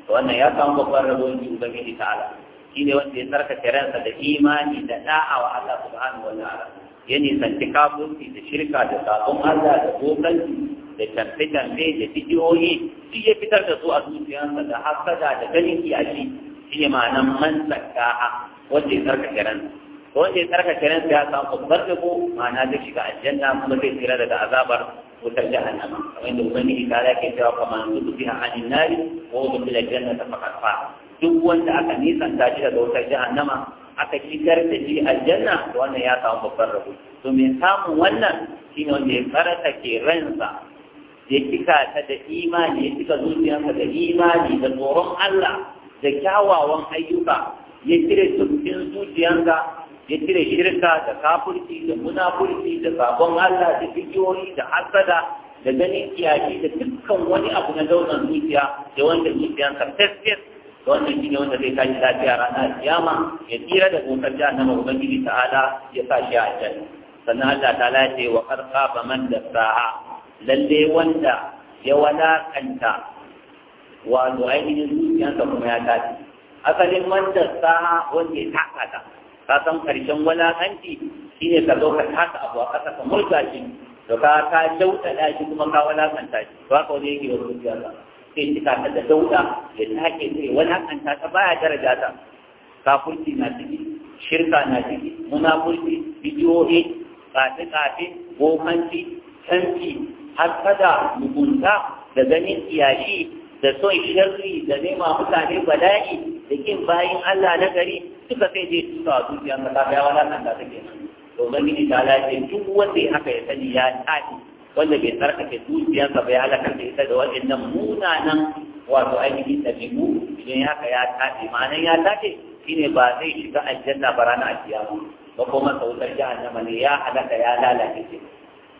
Speaker 2: wannan ya samu babban rabo in ji ubangiji ta'ala shi ne wanda ya tsarkake ransa da imani da da'a wa Allah subhanahu wa ta'ala ya nisanci kafurci da shirka da sabon Allah da kokanci da tamfe-tamfe da bidiyoyi shi ya fitar da su a zuciyarsa da hasada da ganin iyaci. shi ne ma'anar man tsakaha wanda ya tsarkake ransa wanda ya tsarkake ransa ya samu babbar rabo ma'ana zai shiga aljanna kuma zai tsira daga azabar wutar jahannama kamar da ubangiji ta ke cewa kama nudu biha anin nari ko da bila jannata faqad fa duk wanda aka nisanta shi daga wutar jahannama aka shigar da shi aljanna to wannan ya samu babban rabo to samun wannan shine wanda ya karanta ke ransa ya kika ta da imani ya kika zuciyarsa da imani da tsoron Allah da kyawawan ayyuka ya cire tumbin zuciyarsa ya shirka da kafurci da munafurci da sabon Allah da bidiyoyi da hasada da ganin kiyaye da dukkan wani abu na daunan zuciya da wanda zuciyansa fesfes da wanda shi ne wanda zai tashi lafiya ranar kiyama ya tsira da tsokar jahannama ubangiji ta'ala ya sa shi a can sannan Allah ta lace wa karka ba man da sa'a lalle wanda ya wadakanta wato ainihin zuciyansa kuma ya tashi asalin man da sa'a wanda ya takata ka san karshen shi shine ka zo ka taka abu a ƙasa ka murga shi to ka ka dauda da shi kuma ka walakanta shi to haka wani yake wa zuciya ka sai shi ka da dauda ya take sai walakanta ta baya daraja ta kafurci na ciki shirka na ciki munafurci bidiyoyi kafe-kafe gomanci canci hasada mugunta da ganin iyashi da son sharri da nema mutane bala'i da bayan Allah na gari suka kai je tuka a dukiya na ta ya wala kan da take to ubangiji ta lafiya duk wanda ya haka ya sani ya tafi wanda bai tsarkake dukiyarsa bai halakar da ita da waɗannan nan wato ainihin ɗabi'u idan ya haka ya tafi ma'anan ya tafi shine ba zai shiga aljanna ba rana a kiyama ba kuma sautar jahannama ne ya halaka ya lalace ce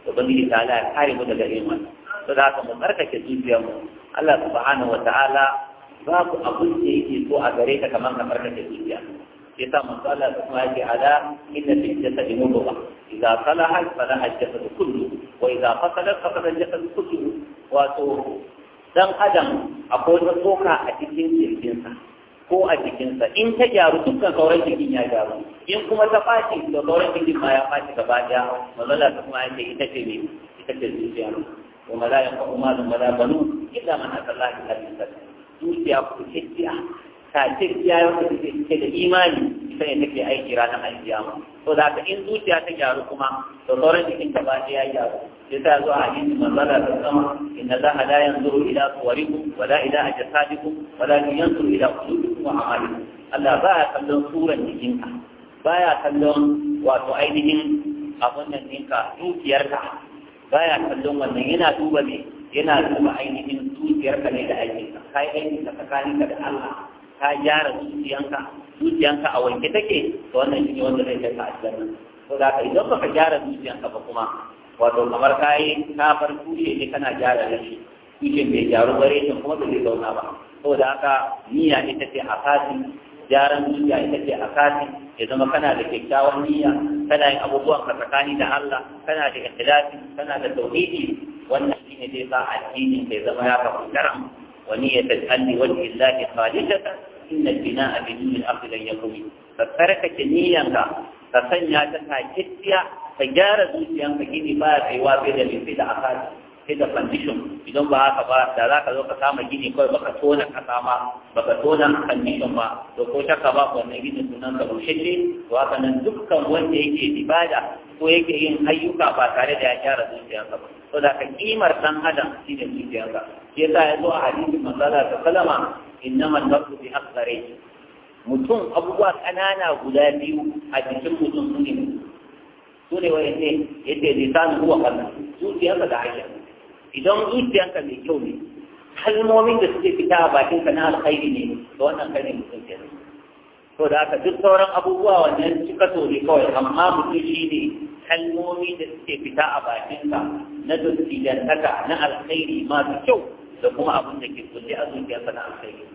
Speaker 2: ubangiji ta ala ya kare mu daga irin wannan to da haka mu tsarkake zuciyarmu Allah subhanahu wa ta'ala babu abin da yake so a gare ka kamar ka farka da zuciya yasa manzo Allah ta kuma yake ala inna fil jasadi mudghah idza salaha salaha al da kullu wa idza Fasalar fasada al-jasad kullu wato dan adam akwai wata tsoka a cikin jirginsa ko a jikinsa in ta gyaru dukkan sauran jikin ya gyaru in kuma ta ɓaci da sauran jikin ma ya ɓaci gaba ɗaya Allah ta kuma yake ita ce ne ita ce zuciya wa mala ya fa'u malun wala banu illa man asalla bi qalbi zuciya ya yi yau da take da imani sai take aiki ranar alkiyama to da ka in zuciya ta gyaru kuma to sauran jikin ta ba ya gyaru yasa zo a hadisi manzala da sama inna allaha la yanzuru ila suwarikum wala ila ajsadikum wala yanzuru ila qulubikum wa a'malikum Allah ba ya kallon suran jikinka ba ya kallon wato ainihin abun nan ɗinka dukiyarka ba ya kallon wannan yana duba ne yana zuba ainihin zuciyarka ne da aikinka ka yi tsakanin tsakaninka da Allah ka gyara zuciyanka zuciyanka a wanke take to wannan shi ne wanda zai kai ka cikin to da ka idan baka gyara zuciyanka ba kuma wato kamar ka yi ka bar tushe ne kana gyara shi tushen bai gyaru bare shi kuma bai zai zauna ba to da haka niyya ita ce a kafin gyaran zuciya ita ce a kafin ya zama kana da kyakkyawan niyya kana yin abubuwan ka tsakani da Allah kana da ikhlasi kana da tauhidi wannan shine zai sa addinin bai zama ya ka fitara wani ya tajalli wani illahi khalidatan inna bina'a bi dunil ardi ya yakun ka tarkake niyyanka ka sanya ta takittiya ka gyara zuciyanka gini ba ya kaiwa bai da bai da akali sai da condition idan ba haka ba da za ka zo ka kama gini kawai baka tona kasa ma baka tona condition ba to ko shakka ba wannan gini sunan ka rushe to haka nan dukkan wanda yake ibada ko yake yin ayyuka ba tare da ya gyara zuciyarsa ba to da ka kimar dan adam shi da zuciyarsa shi yasa ya zo a hadisin masala ta kalama innamal nafsu bi aqdari mutum abubuwa kanana guda biyu a jikin mutum su ne su ne wa yace yace lisanu huwa kalma zuciyarsa da aisha idan zuciyarka mai kyau ne kalmomin da suke fita a bakinka na alkhairi ne to wannan kai ne mutum kenan to da aka duk sauran abubuwa wannan cika so ne kawai amma mutum shi ne kalmomi da suke fita a bakinsa na dutse da na alkhairi masu kyau da kuma abin da ke kulle a zuciyarsa na alkhairi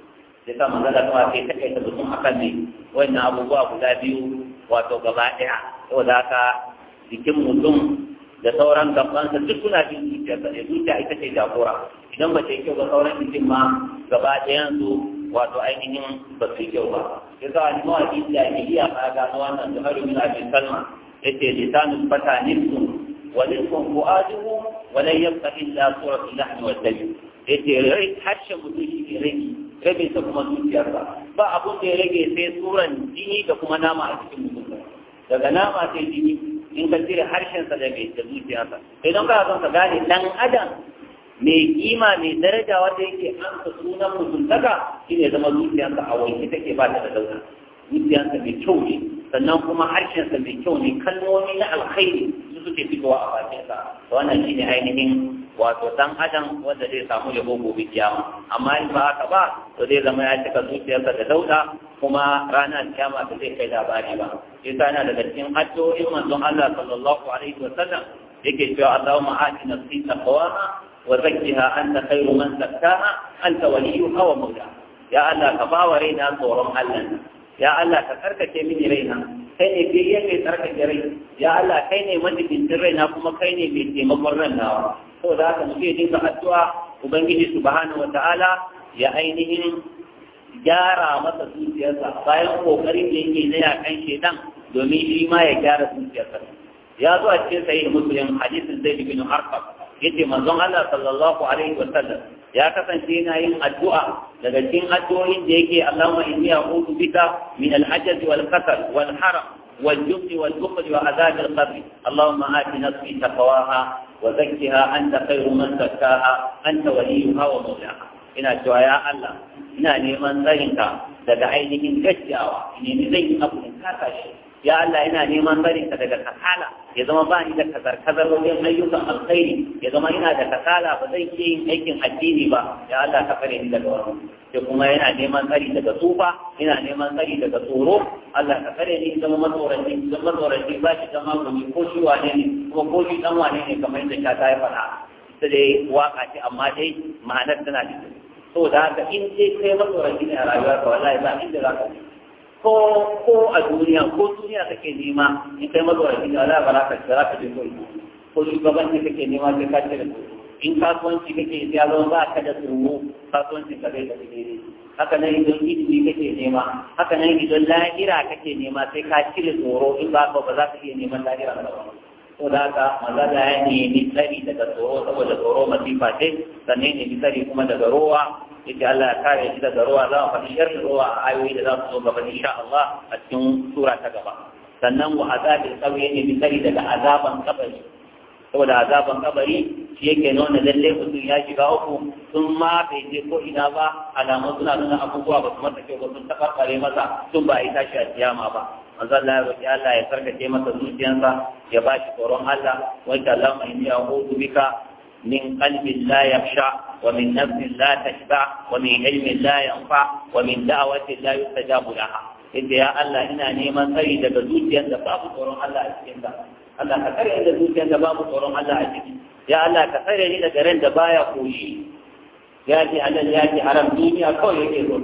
Speaker 2: sai sa manzala kuma sai ta kai ta mutum akan ne wannan abubuwa guda biyu wato gaba ɗaya saboda haka jikin mutum da sauran gabansa duk suna jin zuciyarsa ne zuciya ita ce jagora idan ba ta yi kyau ga sauran jikin ma gaba ɗayan su wato ainihin ba su kyau ba ya sa ni mawa ki jahiliya ba ga wannan da haru bin abi salma yace lisanul fatanin sun ولكم فؤاده ولن يبقى الا صوره اللحم والدم yace rai harshen mutum shi ne rage rabe ta kuma zuciyarsa ba abun da ya rage sai tsuran jini da kuma nama a cikin mutum daga nama sai jini in ka cire harshensa da bai da zuciyarsa sai don ka zan ka gane dan adam mai kima mai daraja wanda yake an ka sunan mutuntaka shine zama zuciyarsa a wanke take ba ta da dauka zuciyarsa mai kyau ne sannan kuma harshensa mai kyau ne kalmomi na alkhairi su suke fitowa a bakinsa to wannan ne ainihin wato dan adam wanda zai samu yabo gobe kiyama amma in ba haka ba to zai zama ya cika zuciyarsa da dauda kuma rana kiyama ba zai kai labari ba shi yana daga cikin addu'o'in manzon Allah sallallahu alaihi wasallam yake cewa Allahumma atina fi taqwaha وزكها أنت خير من زكاها أنت وليها ومولاها يا الله ka ba wa raina tsoron Allah ya Allah ka karkace mini raina kai ne kai yake tsarka ke rai ya Allah kai ne madidin raina kuma kai ne mai taimakon ran nawa to da haka muke yin ka addu'a ubangiji subhanahu wa ta'ala ya ainihin gyara masa zuciyarsa bayan kokari da yake na ya kan shedan domin shi ma ya gyara zuciyarsa ya zo a cikin sahih muslim hadisin zaid bin harqaq yace manzon Allah sallallahu alaihi wa sallam ya kasance yana yin addu'a daga cikin addu'o'in da yake Allahumma inni a'udhu bika min al-hajj wal qatl wal haram wal jubn wal bukhl wa adab al-qabr Allahumma ati nafsi taqwaha wa zakkiha anta khayru man zakkaha anta waliyuha wa mawlaha ina cewa ya Allah ina neman tsarinka daga ainihin gaggawa ne ni zan yi abu in kasa shi ya Allah ina neman barinka daga kasala ya zama ba ni da kazar kazar wajen ayyukan alkhairi ya zama ina da kasala ba zan iya yin aikin addini ba ya Allah ka fare ni daga wannan sai kuma yana neman tsari daga tsufa ina neman tsari daga tsoro Allah ka fare ni zama matsoranci zama matsoranci ba shi zama gumi ko shi wane ne kuma ko shi dan wane ne kamar yadda ta ya faɗa ita dai waka ce amma dai ma'anar tana cikin saboda haka in sai kai matsoranci ne a rayuwarka wallahi ba inda za ka yi. ko ko a duniya ko duniya kake nema in kai mazaurafi ne Allah ba za ka za ka dinga ko shugabanci kake nema sai ka cire in kasuwanci kake ya zama ba ka da tsoro kasuwancin ka zai tafi daidai haka nan idan ilimi kake nema haka nan idan lahira kake nema sai ka cire tsoro in ba ka ba za ka iya neman lahira ba ko da haka maza ya nemi tsari daga tsoro saboda tsoro masifa ce sannan ya nemi tsari kuma daga rowa yadda Allah ya kare shi daga ruwa za mu faɗi sharri ruwa a ayoyi da za su zo gaba insha Allah a cikin sura ta gaba sannan wa azabil qabri ne misali daga azaban kabari saboda azaban kabari shi yake nuna lalle mutum ya shiga uku sun ma bai je ko ina ba alamun suna nuna abubuwa ba su masa kyau ba sun taɓarɓare masa sun ba a yi tashi a kiyama ba manzo Allah ya roki Allah ya sarkace masa zuciyarsa ya ba shi tsoron Allah wa mai lamma a a'udhu bika من قلب لا يخشع ومن نفس لا تشبع ومن علم لا ينفع ومن دعوة لا يستجاب لها إذ يا الله إنا نيما سيدة بزوجي أنت بابو تورم الله أجل Allah ka kare da zuciyar da babu tsoron Allah a ciki ya ka kare ni daga ran da baya koyi ya ji halal ya ji haram duniya kawai yake zo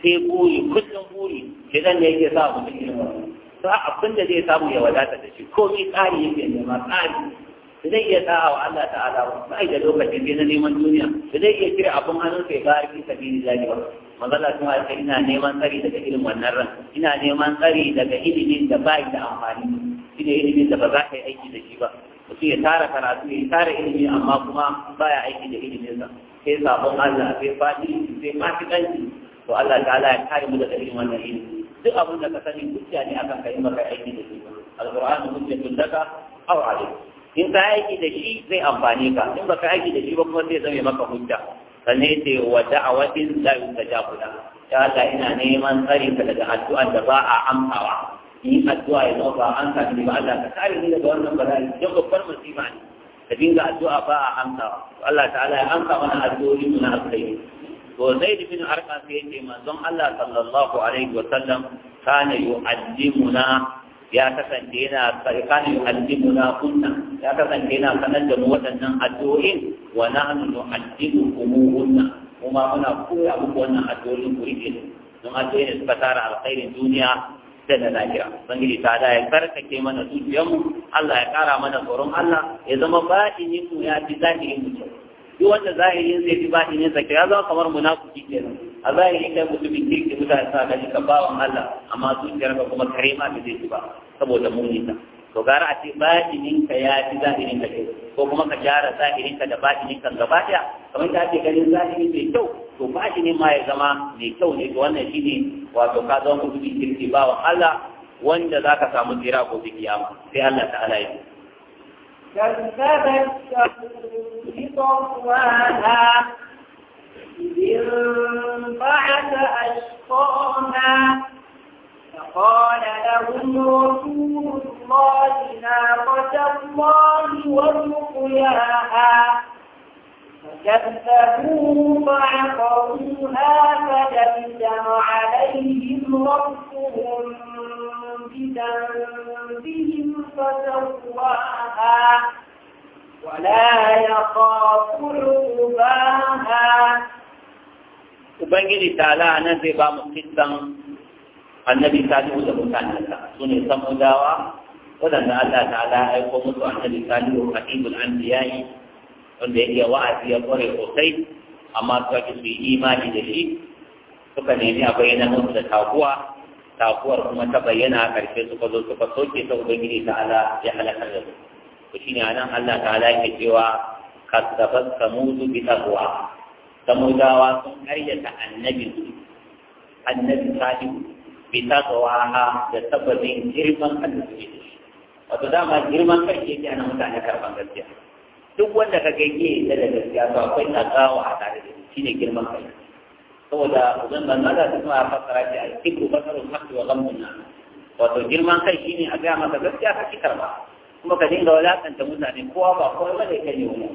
Speaker 2: sai buri kullum buri shedan ne yake sa mutum ilimi to abin da zai samu ya wadata da shi komai tsari yake nema tsari ba zai iya sa'a wa Allah ta'ala ba ba da lokacin da na neman duniya ba zai iya cire abin hannun sai ba fi sabili zaki ba mazala kuma ce ina neman tsari daga ilimin wannan ran ina neman tsari daga ilimin da ba da amfani shi ne ilimin da ba za ka yi aiki da shi ba mutum ya tara karatu ya tara ilimi amma kuma ya aiki da iliminsa sai sabon Allah sai fadi sai fasikanci to Allah ta'ala ya kare mu daga irin wannan ilimi duk abin da ka sani hujja ne akan kai maka aiki da shi alqur'anu hujjatun laka aw alayka in ka aiki da shi zai amfani ka in ba ka aiki da shi ba kuma zai zame maka hujja sannan yace wa da'awatin la yustajabu la ya ta ina neman tsari ka daga addu'a da ba a amsawa in addu'a ya zama ba an ka ba Allah ka kare ni daga wannan bala'i don babbar musiba ne ka dinga addu'a ba a amsawa Allah ta'ala ya amsa mana addu'o'i mu na alkhairi to zaid bin arqam sai yace manzon Allah sallallahu alaihi wa sallam kana yu'allimuna ya kasance yana tsarkanin addibu na kunna ya kasance yana sanar da mu waɗannan addu'o'in wa na nu'addibu kumuhunna kuma muna koya muku wannan addu'o'in ku rike su don addu'o'in da suka tara alkhairin duniya da na lahira ubangiji ta da ya tsarkake mana zuciyarmu Allah ya kara mana tsoron Allah ya zama ba'inin mu ya fi zahirin mutum. duk wanda zahirin zai fi ne zaki ya zama kamar munafiki kenan a zahiri kai mutumin kirki mutane sa gani ka wa Allah amma zuciyar ka kuma kare ma bai zai ba saboda munita to gara a ce batinin ka ya fi zahirin ka ke, ko kuma ka gyara zahirin ka da batinin ka gaba daya kamar ka ake ganin zahiri mai kyau to batinin ma ya zama mai kyau ne to wannan shine wato ka zama mutumin kirki wa Allah wanda zaka samu tsira ko kiyama sai Allah ta'ala ya yi
Speaker 1: كذبت ثمود بطغواها إذ انبعث أشقاها فقال لهم رسول الله ناقة الله وسقياها فكذبوا فعقروها فدمدم عليهم ربهم بذنبهم فتقواها ولا يخاف عقباها
Speaker 2: Ubangiji tala nan zai ba mu kisan annabi salihu da mutanensa su ne samudawa waɗanda Allah ta'ala ya aiko musu annabi salihu khatibul biyayi wanda yake wa'azi ya kware sosai amma suka ki su yi imani da shi suka nemi a bayyana musu da takuwa. takuwar kuma ta bayyana a ƙarshe suka zo suka soke ta ubangiji ta ala ya halaka da su shi ne anan Allah ala yake cewa kazzabat samudu bi taqwa samudawa sun karyata annabi su annabi salihu bi taqwa da tabbatin girman annabi wato dama girman kai yake ana mutane karban gaskiya duk wanda ka kai ke da gaskiya to akwai takawa a tare da shi ne girman kai saboda zan na maza su a fassara shi a kibu fasarun haƙƙi wa na wato girman kai shi ne a gaya maka gaskiya ka kitar ba kuma ka dinga wulaƙanta mutane kowa ba kowa ba da ya kai ne.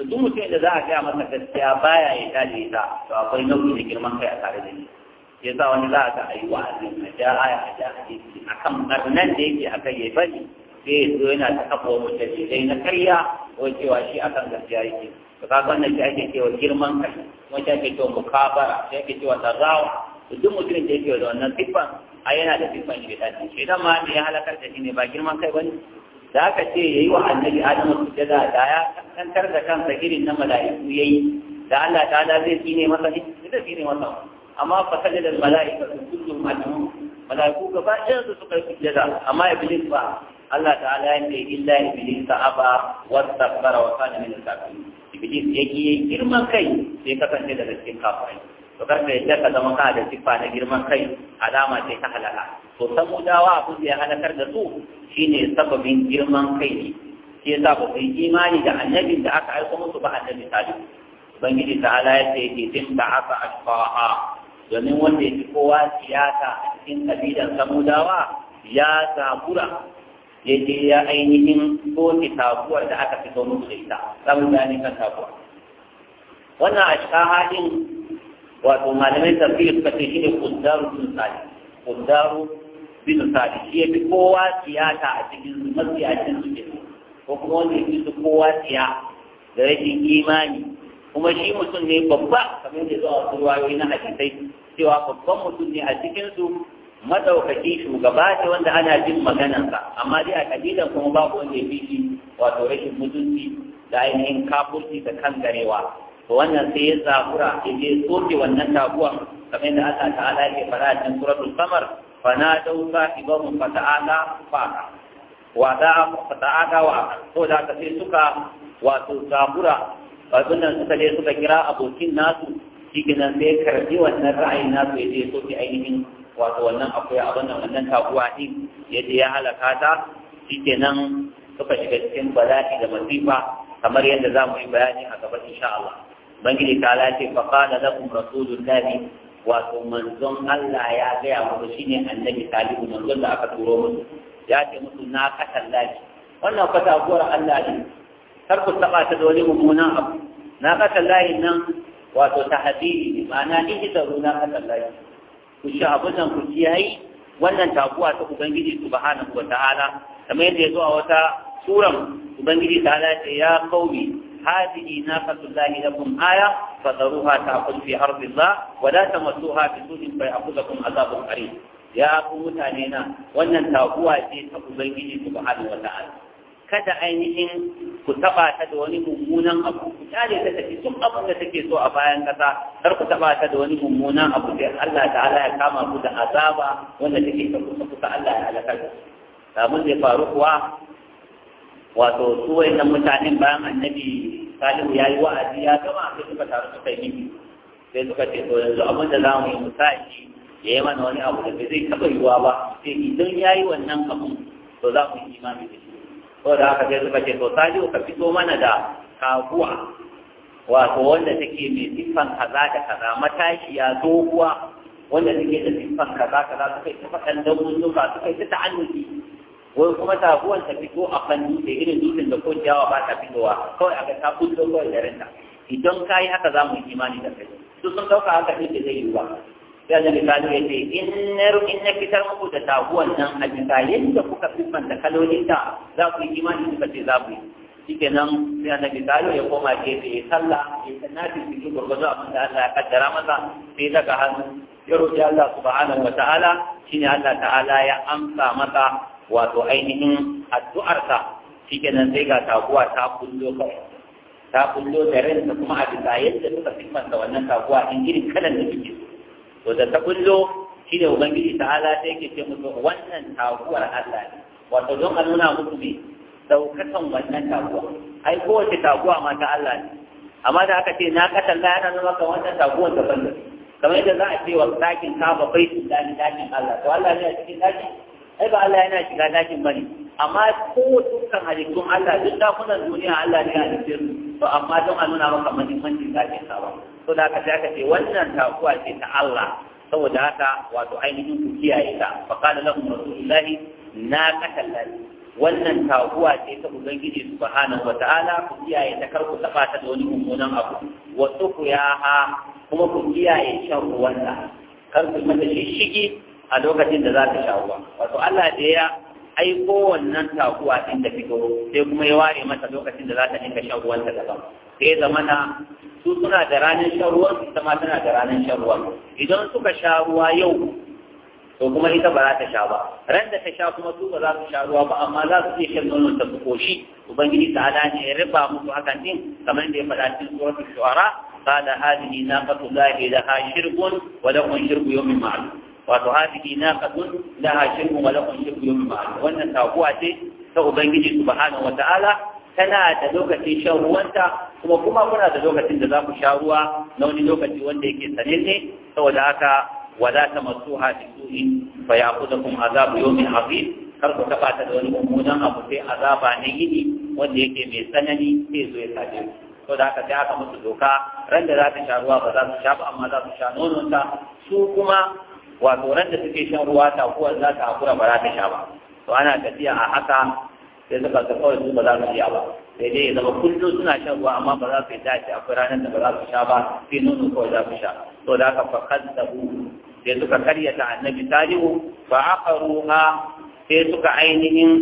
Speaker 2: da duk mutum da za a gaya masa gaskiya baya ya dace ta to akwai nau'i da girman kai a tare da ni ya sa wani za a ga a yi wa wa'azi a ja aya a ja hadisi a kan ɓarnan da yake a kai ya bari sai ya zo yana ta kafa wa mutum na karya ko cewa shi akan gaskiya yake to kaga wannan ake cewa girman kai wanda ake cewa mukabara shi ake cewa tazawa to duk mutumin da yake da wannan siffan a yana da siffan shaitan idan ma ya halakar da shi ne ba girman kai bane da aka ce yayi wa annabi adamu sujada da ya kankar da kansa irin na mala'iku yayi da Allah da zai tsine masa ne zai tsine masa amma fa sajada al mala'ikatu kulluhum ajma'un mala'iku gaba ɗaya su suka yi sujada amma iblis ba Allah ta'ala ya ce illa iblis aba wastakbara wa kana min al-kafirin iblis ya ki girman kai sai kasance daga cikin kafirai to kar yadda ka zama ka da sifa na girman kai alama ce ta halala to samudawa abin da ya halakar da su shine sababin girman kai ne shi yasa ba yi imani da annabin da aka aiko musu ba annabi salihu ubangiji ta ala ya ce idin da aka ashqaha domin wanda ya kowa siyasa a cikin kabilan samudawa ya samura. ya je ya ainihin soke sabuwar da aka fito musu da ita zan gani kan sabuwa wannan cikin haɗin wato malamai tafsir suka ce ne kundaru bin sali kundaru bin sali shi ya fi kowa tiyata a cikin su mafi a cikin su ko kuma wanda ya fi su kowa siya, da rashin imani kuma shi mutum ne babba kamar da zuwa wasu ruwayoyi na hadisai cewa babban mutum ne a cikin su madaukaki shugaba ne wanda ana jin maganarsa amma dai a kadidan kuma babu wanda ya fi wato rashin mutunci da ainihin kafurci da kan garewa to wannan sai ya zakura ya je soke wannan taguwa kamar yadda Allah ta'ala ke fara cikin suratul qamar fa na dau ibahu fa ta'ala fa wa da fa ta'ala wa to da ka sai suka wato zakura wato nan suka je suka kira abokin nasu shi kenan sai karbi wannan ra'ayin nasu ya je soke ainihin wato wannan akwai abin da wannan taguwa din ya je ya halaka ta shikenan suka shiga cikin bala'i da masifa kamar yadda za mu yi bayani a gaba insha Allah bangiji ta lafi fa qala lakum rasulullahi wato manzon Allah ya gaya muku shine annabi talibu manzon da aka turo musu ya ce musu na katan lafi wannan fata guwar Allah ne kar ku taba ta da wani mummunan abu na katan layi nan wato tahdidi ma'ana ihdaru na katan layi ku sha abin nan ku kiyaye wannan takuwa ta Ubangiji subhanahu wata'ala kamar yadda ya zo wata suran Ubangiji ta ala ce ya kawbi hadihi na fasullahi da kun aya fa zaruha ta kun fi harbin za wada ta masu hafi su in bai abu da kun azabin ya ku mutane na wannan takuwa ce ta Ubangiji subhanahu wata'ala kada ainihin ku taba ta da wani mummunan abu ku tare ta tafi duk abin da take so a bayan kasa kar ku taba ta da wani mummunan abu sai Allah ta'ala ya kama ku da azaba wanda take ta kusa kusa Allah ya halaka ku abin mun ya faru kuwa wato su wayannan mutanen bayan annabi salihu ya yi wa'azi ya gama sai suka taru suka yi sai suka ce to yanzu abin da za mu yi musashi ya yi mana wani abu da bai zai taba yiwa ba sai idan ya yi wannan abu to za mu yi imani da shi saboda haka sai suka ce to salihu ka fito mana da kaguwa wato wanda take mai siffan kaza da kaza matashiya doguwa wanda take da siffan kaza kaza suka yi ta faɗan dabbozuka suka yi ta ta'annuki wai kuma taguwan ta fito a fanni da irin dutsen da ko jawa ba ta fitowa kawai a ga ta kullo kawai da idan ka yi haka za mu yi imani da kai su sun ɗauka haka ne da zai yi ba sai annabi sani ya ce in na in fitar muku da taguwan nan a bisa yadda kuka da kalolin ta za ku yi imani kuka ce za ku yi shike nan sai annabi sani ya koma gefe ya salla ya sannafi su gwargwazo abin da Allah ya kaddara masa sai daga hannu ya roƙi Allah subhanahu wa ta'ala shine Allah ta'ala ya amsa masa wato ainihin addu'arsa shike nan sai ga taguwa ta kullo ka ta kullo da ranta kuma a bisa yadda suka da wannan taguwa in irin kalan da kike so wadda ta kullo shi ne ubangiji ta ala ta yake ce mutu wannan taguwar allah ne wato don a nuna mutu ne daukakan wannan taguwa ai kowace taguwa ma ta allah ne amma da aka ce na katalla yana nuna maka wannan taguwar da da kamar yadda za a ce wa ka ba bai su dani dakin allah to allah ne a cikin dakin? ai ba allah yana shiga dakin bane amma ko dukkan halittun allah duk dakunan duniya allah ne a cikin su to amma don a nuna maka mahimmancin dakin kaba so da aka aka ce wannan takuwa ce ta Allah saboda haka wato ainihin ku kiyaye ta fa qala lahum rasulullahi na katallahi wannan takuwa ce ta ubangiji subhanahu wataala ku kiyaye ta kar ku taba ta da wani mummunan abu wa tuqyaha kuma ku kiyaye shan ruwanta kar ku mata shishigi a lokacin da za ta sha ruwa wato Allah da ya aiko wannan takuwa din da fito sai kuma ya ware mata lokacin da za ta dinga shan ruwanta daban sai zamana su suna da ranar shan ruwan ita ma tana da ranar shan ruwan idan suka sha ruwa yau to kuma ita ba za ta sha ba ran da ta sha kuma su ba za su sha ruwa ba amma za su iya shan nonon ta su koshi ubangiji ta ala ne ya riba musu hakan din kamar da ya faɗa cikin suratul shu'ara قال هذه ناقة الله لها شرب ولكم شرب يوم معلوم wato hadhihi naqatun laha shirbu wa lakum shirbu yawmin ma'lum wannan taguwa ce ta ubangiji subhanahu wata'ala tana da lokacin shan ruwanta kuma kuma kuna da lokacin da za ku sha ruwa na wani lokaci wanda yake ne saboda haka wala ta masu haɗi su'i fa ya kuza kuma azabu yau min hafi kar ku taɓa ta da wani mummunan abu sai azaba na yini wanda yake mai tsanani sai zo ya sace ku saboda haka aka sai aka musu doka ran da za ta sha ruwa ba za su sha ba amma za su sha nononta su kuma wato ran da suke shan ruwa ta kuwa za ta hakura ba za ta sha ba to ana tafiya a haka sai suka ta kawai su ba za su iya ba sai dai ya zama kullum suna shan ruwa amma ba za su yi tashi akwai ranar da ba za su sha ba sai nono kawai za su sha to da aka fakar da sai suka karyata annabi tarihu ba aka ha. sai suka ainihin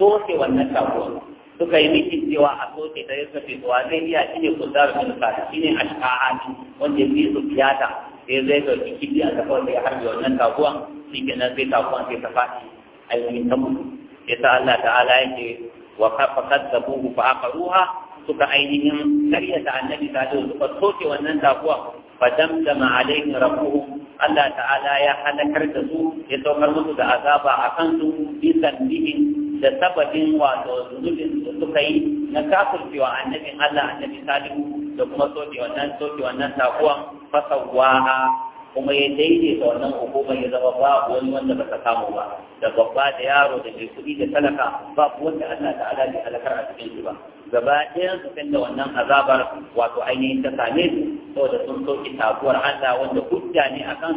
Speaker 2: soke wannan takuwa suka yi mikin cewa a soke ta yi soke zuwa zai iya shi ne sun mulka shi ne a ashka'ani wanda ya fi su fiyata sai zai ga kibi a kawai sai har da wannan takuwan shi kenan sai takuwan sai ta faɗi ainihin ta mutu yasa Allah ta'ala yake wa kafa kadzabuhu fa aqruha suka ainihin karyata annabi ta da suka soke wannan takuwa fa damdama alaihim rabbuhum Allah ta'ala ya halakar da su ya saukar musu da azaba a su bi bihin da sababin wato zunubin da suka yi na kafircewa annabin Allah annabi Salihu da kuma soke wannan soke wannan takuwan fasawaha kuma ya daidaita wannan hukumar ya zama babu wani wanda ba ta samu ba da babba da yaro da ke kuɗi da talaka babu wanda Allah ta'ala bai halakar a cikin shi ba gaba ɗayan su da wannan azabar wato ainihin ta same su saboda sun sauki takuwar Allah wanda hujja ne akan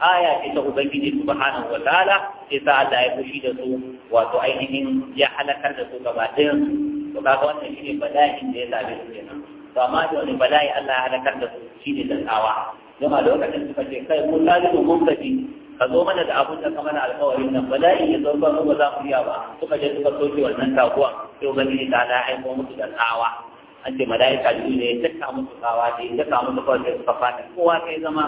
Speaker 2: aya ce ta ubangiji subhanahu wataala sai sa Allah ya fushi da su wato ainihin ya halakar da su gaba ɗayan su to kaga wannan shine bala'in da ya same su kenan to amma da wani bala'i Allah ya halakar da su shine da tsawa jama'a lokacin suka ce kai mun lalibu mun gaji ka zo mana da abun da ka mana alkawarin nan za ya zo ba ba za mu iya ba suka je suka soke wannan takuwa sai ubangiji ta na aiko musu da tsawa an ce mala'ika ji ne ya taka musu tsawa ne ya taka musu kawai sai suka fata kowa kai zama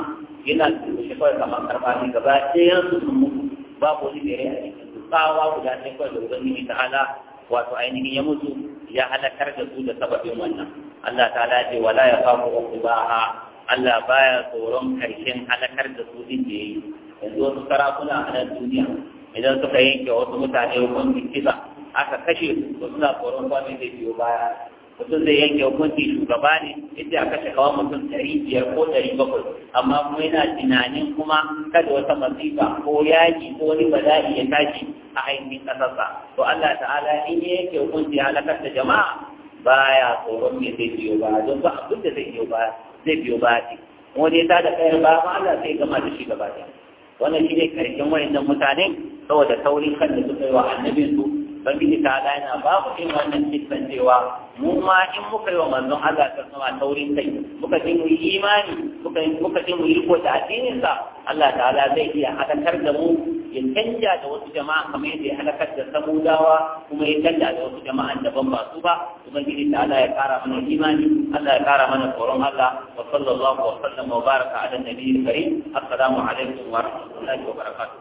Speaker 2: yana shi kawai kamar karfa ne gaba ɗaya su sun mutu Ba ko ni da ya yi tsawa guda ɗaya kawai da ubangiji ta ala wato ainihin ya mutu ya halakar da su da sababin wannan Allah ta ala ce wala ya kafu uqbaha Allah baya tsoron karshen halakar da su inda yayi yanzu wasu sarakuna a nan duniya idan suka yanke wasu mutane hukuncin kisa aka kashe su suna tsoron kwamin zai biyo baya mutum zai yanke hukunci shugaba ne inda aka kashe kawo mutum ɗari biyar ko ɗari bakwai amma kuma yana tunanin kuma kada wata masifa ko yaji ko wani bala'i ya tashi a ainihin ƙasarsa to Allah ta'ala in ya yanke hukunci halakar da jama'a baya tsoron me zai biyo baya don ba abin da zai biyo baya zai biyo ba shi wani ya tada kayar ba ba Allah sai gama da shi gaba ɗaya wannan shi ne karshen wayannan mutane saboda saurin kan da suka yi wa bangiji ta ala yana ba mu irin wannan cikin cewa mu ma in muka yi wa manzon Allah ta sama taurin kai muka jin mu imani muka muka jin mu riko da addinin sa Allah ta'ala zai iya halakar da mu ya canja da wasu jama'a kamar yadda ya halakar da samudawa kuma ya canja da wasu jama'a daban ba su ba ubangiji ta ala ya kara mana imani Allah ya kara mana tsoron Allah wa sallallahu wa sallama wa baraka ala nabiyil karim assalamu alaikum wa rahmatullahi wa barakatuh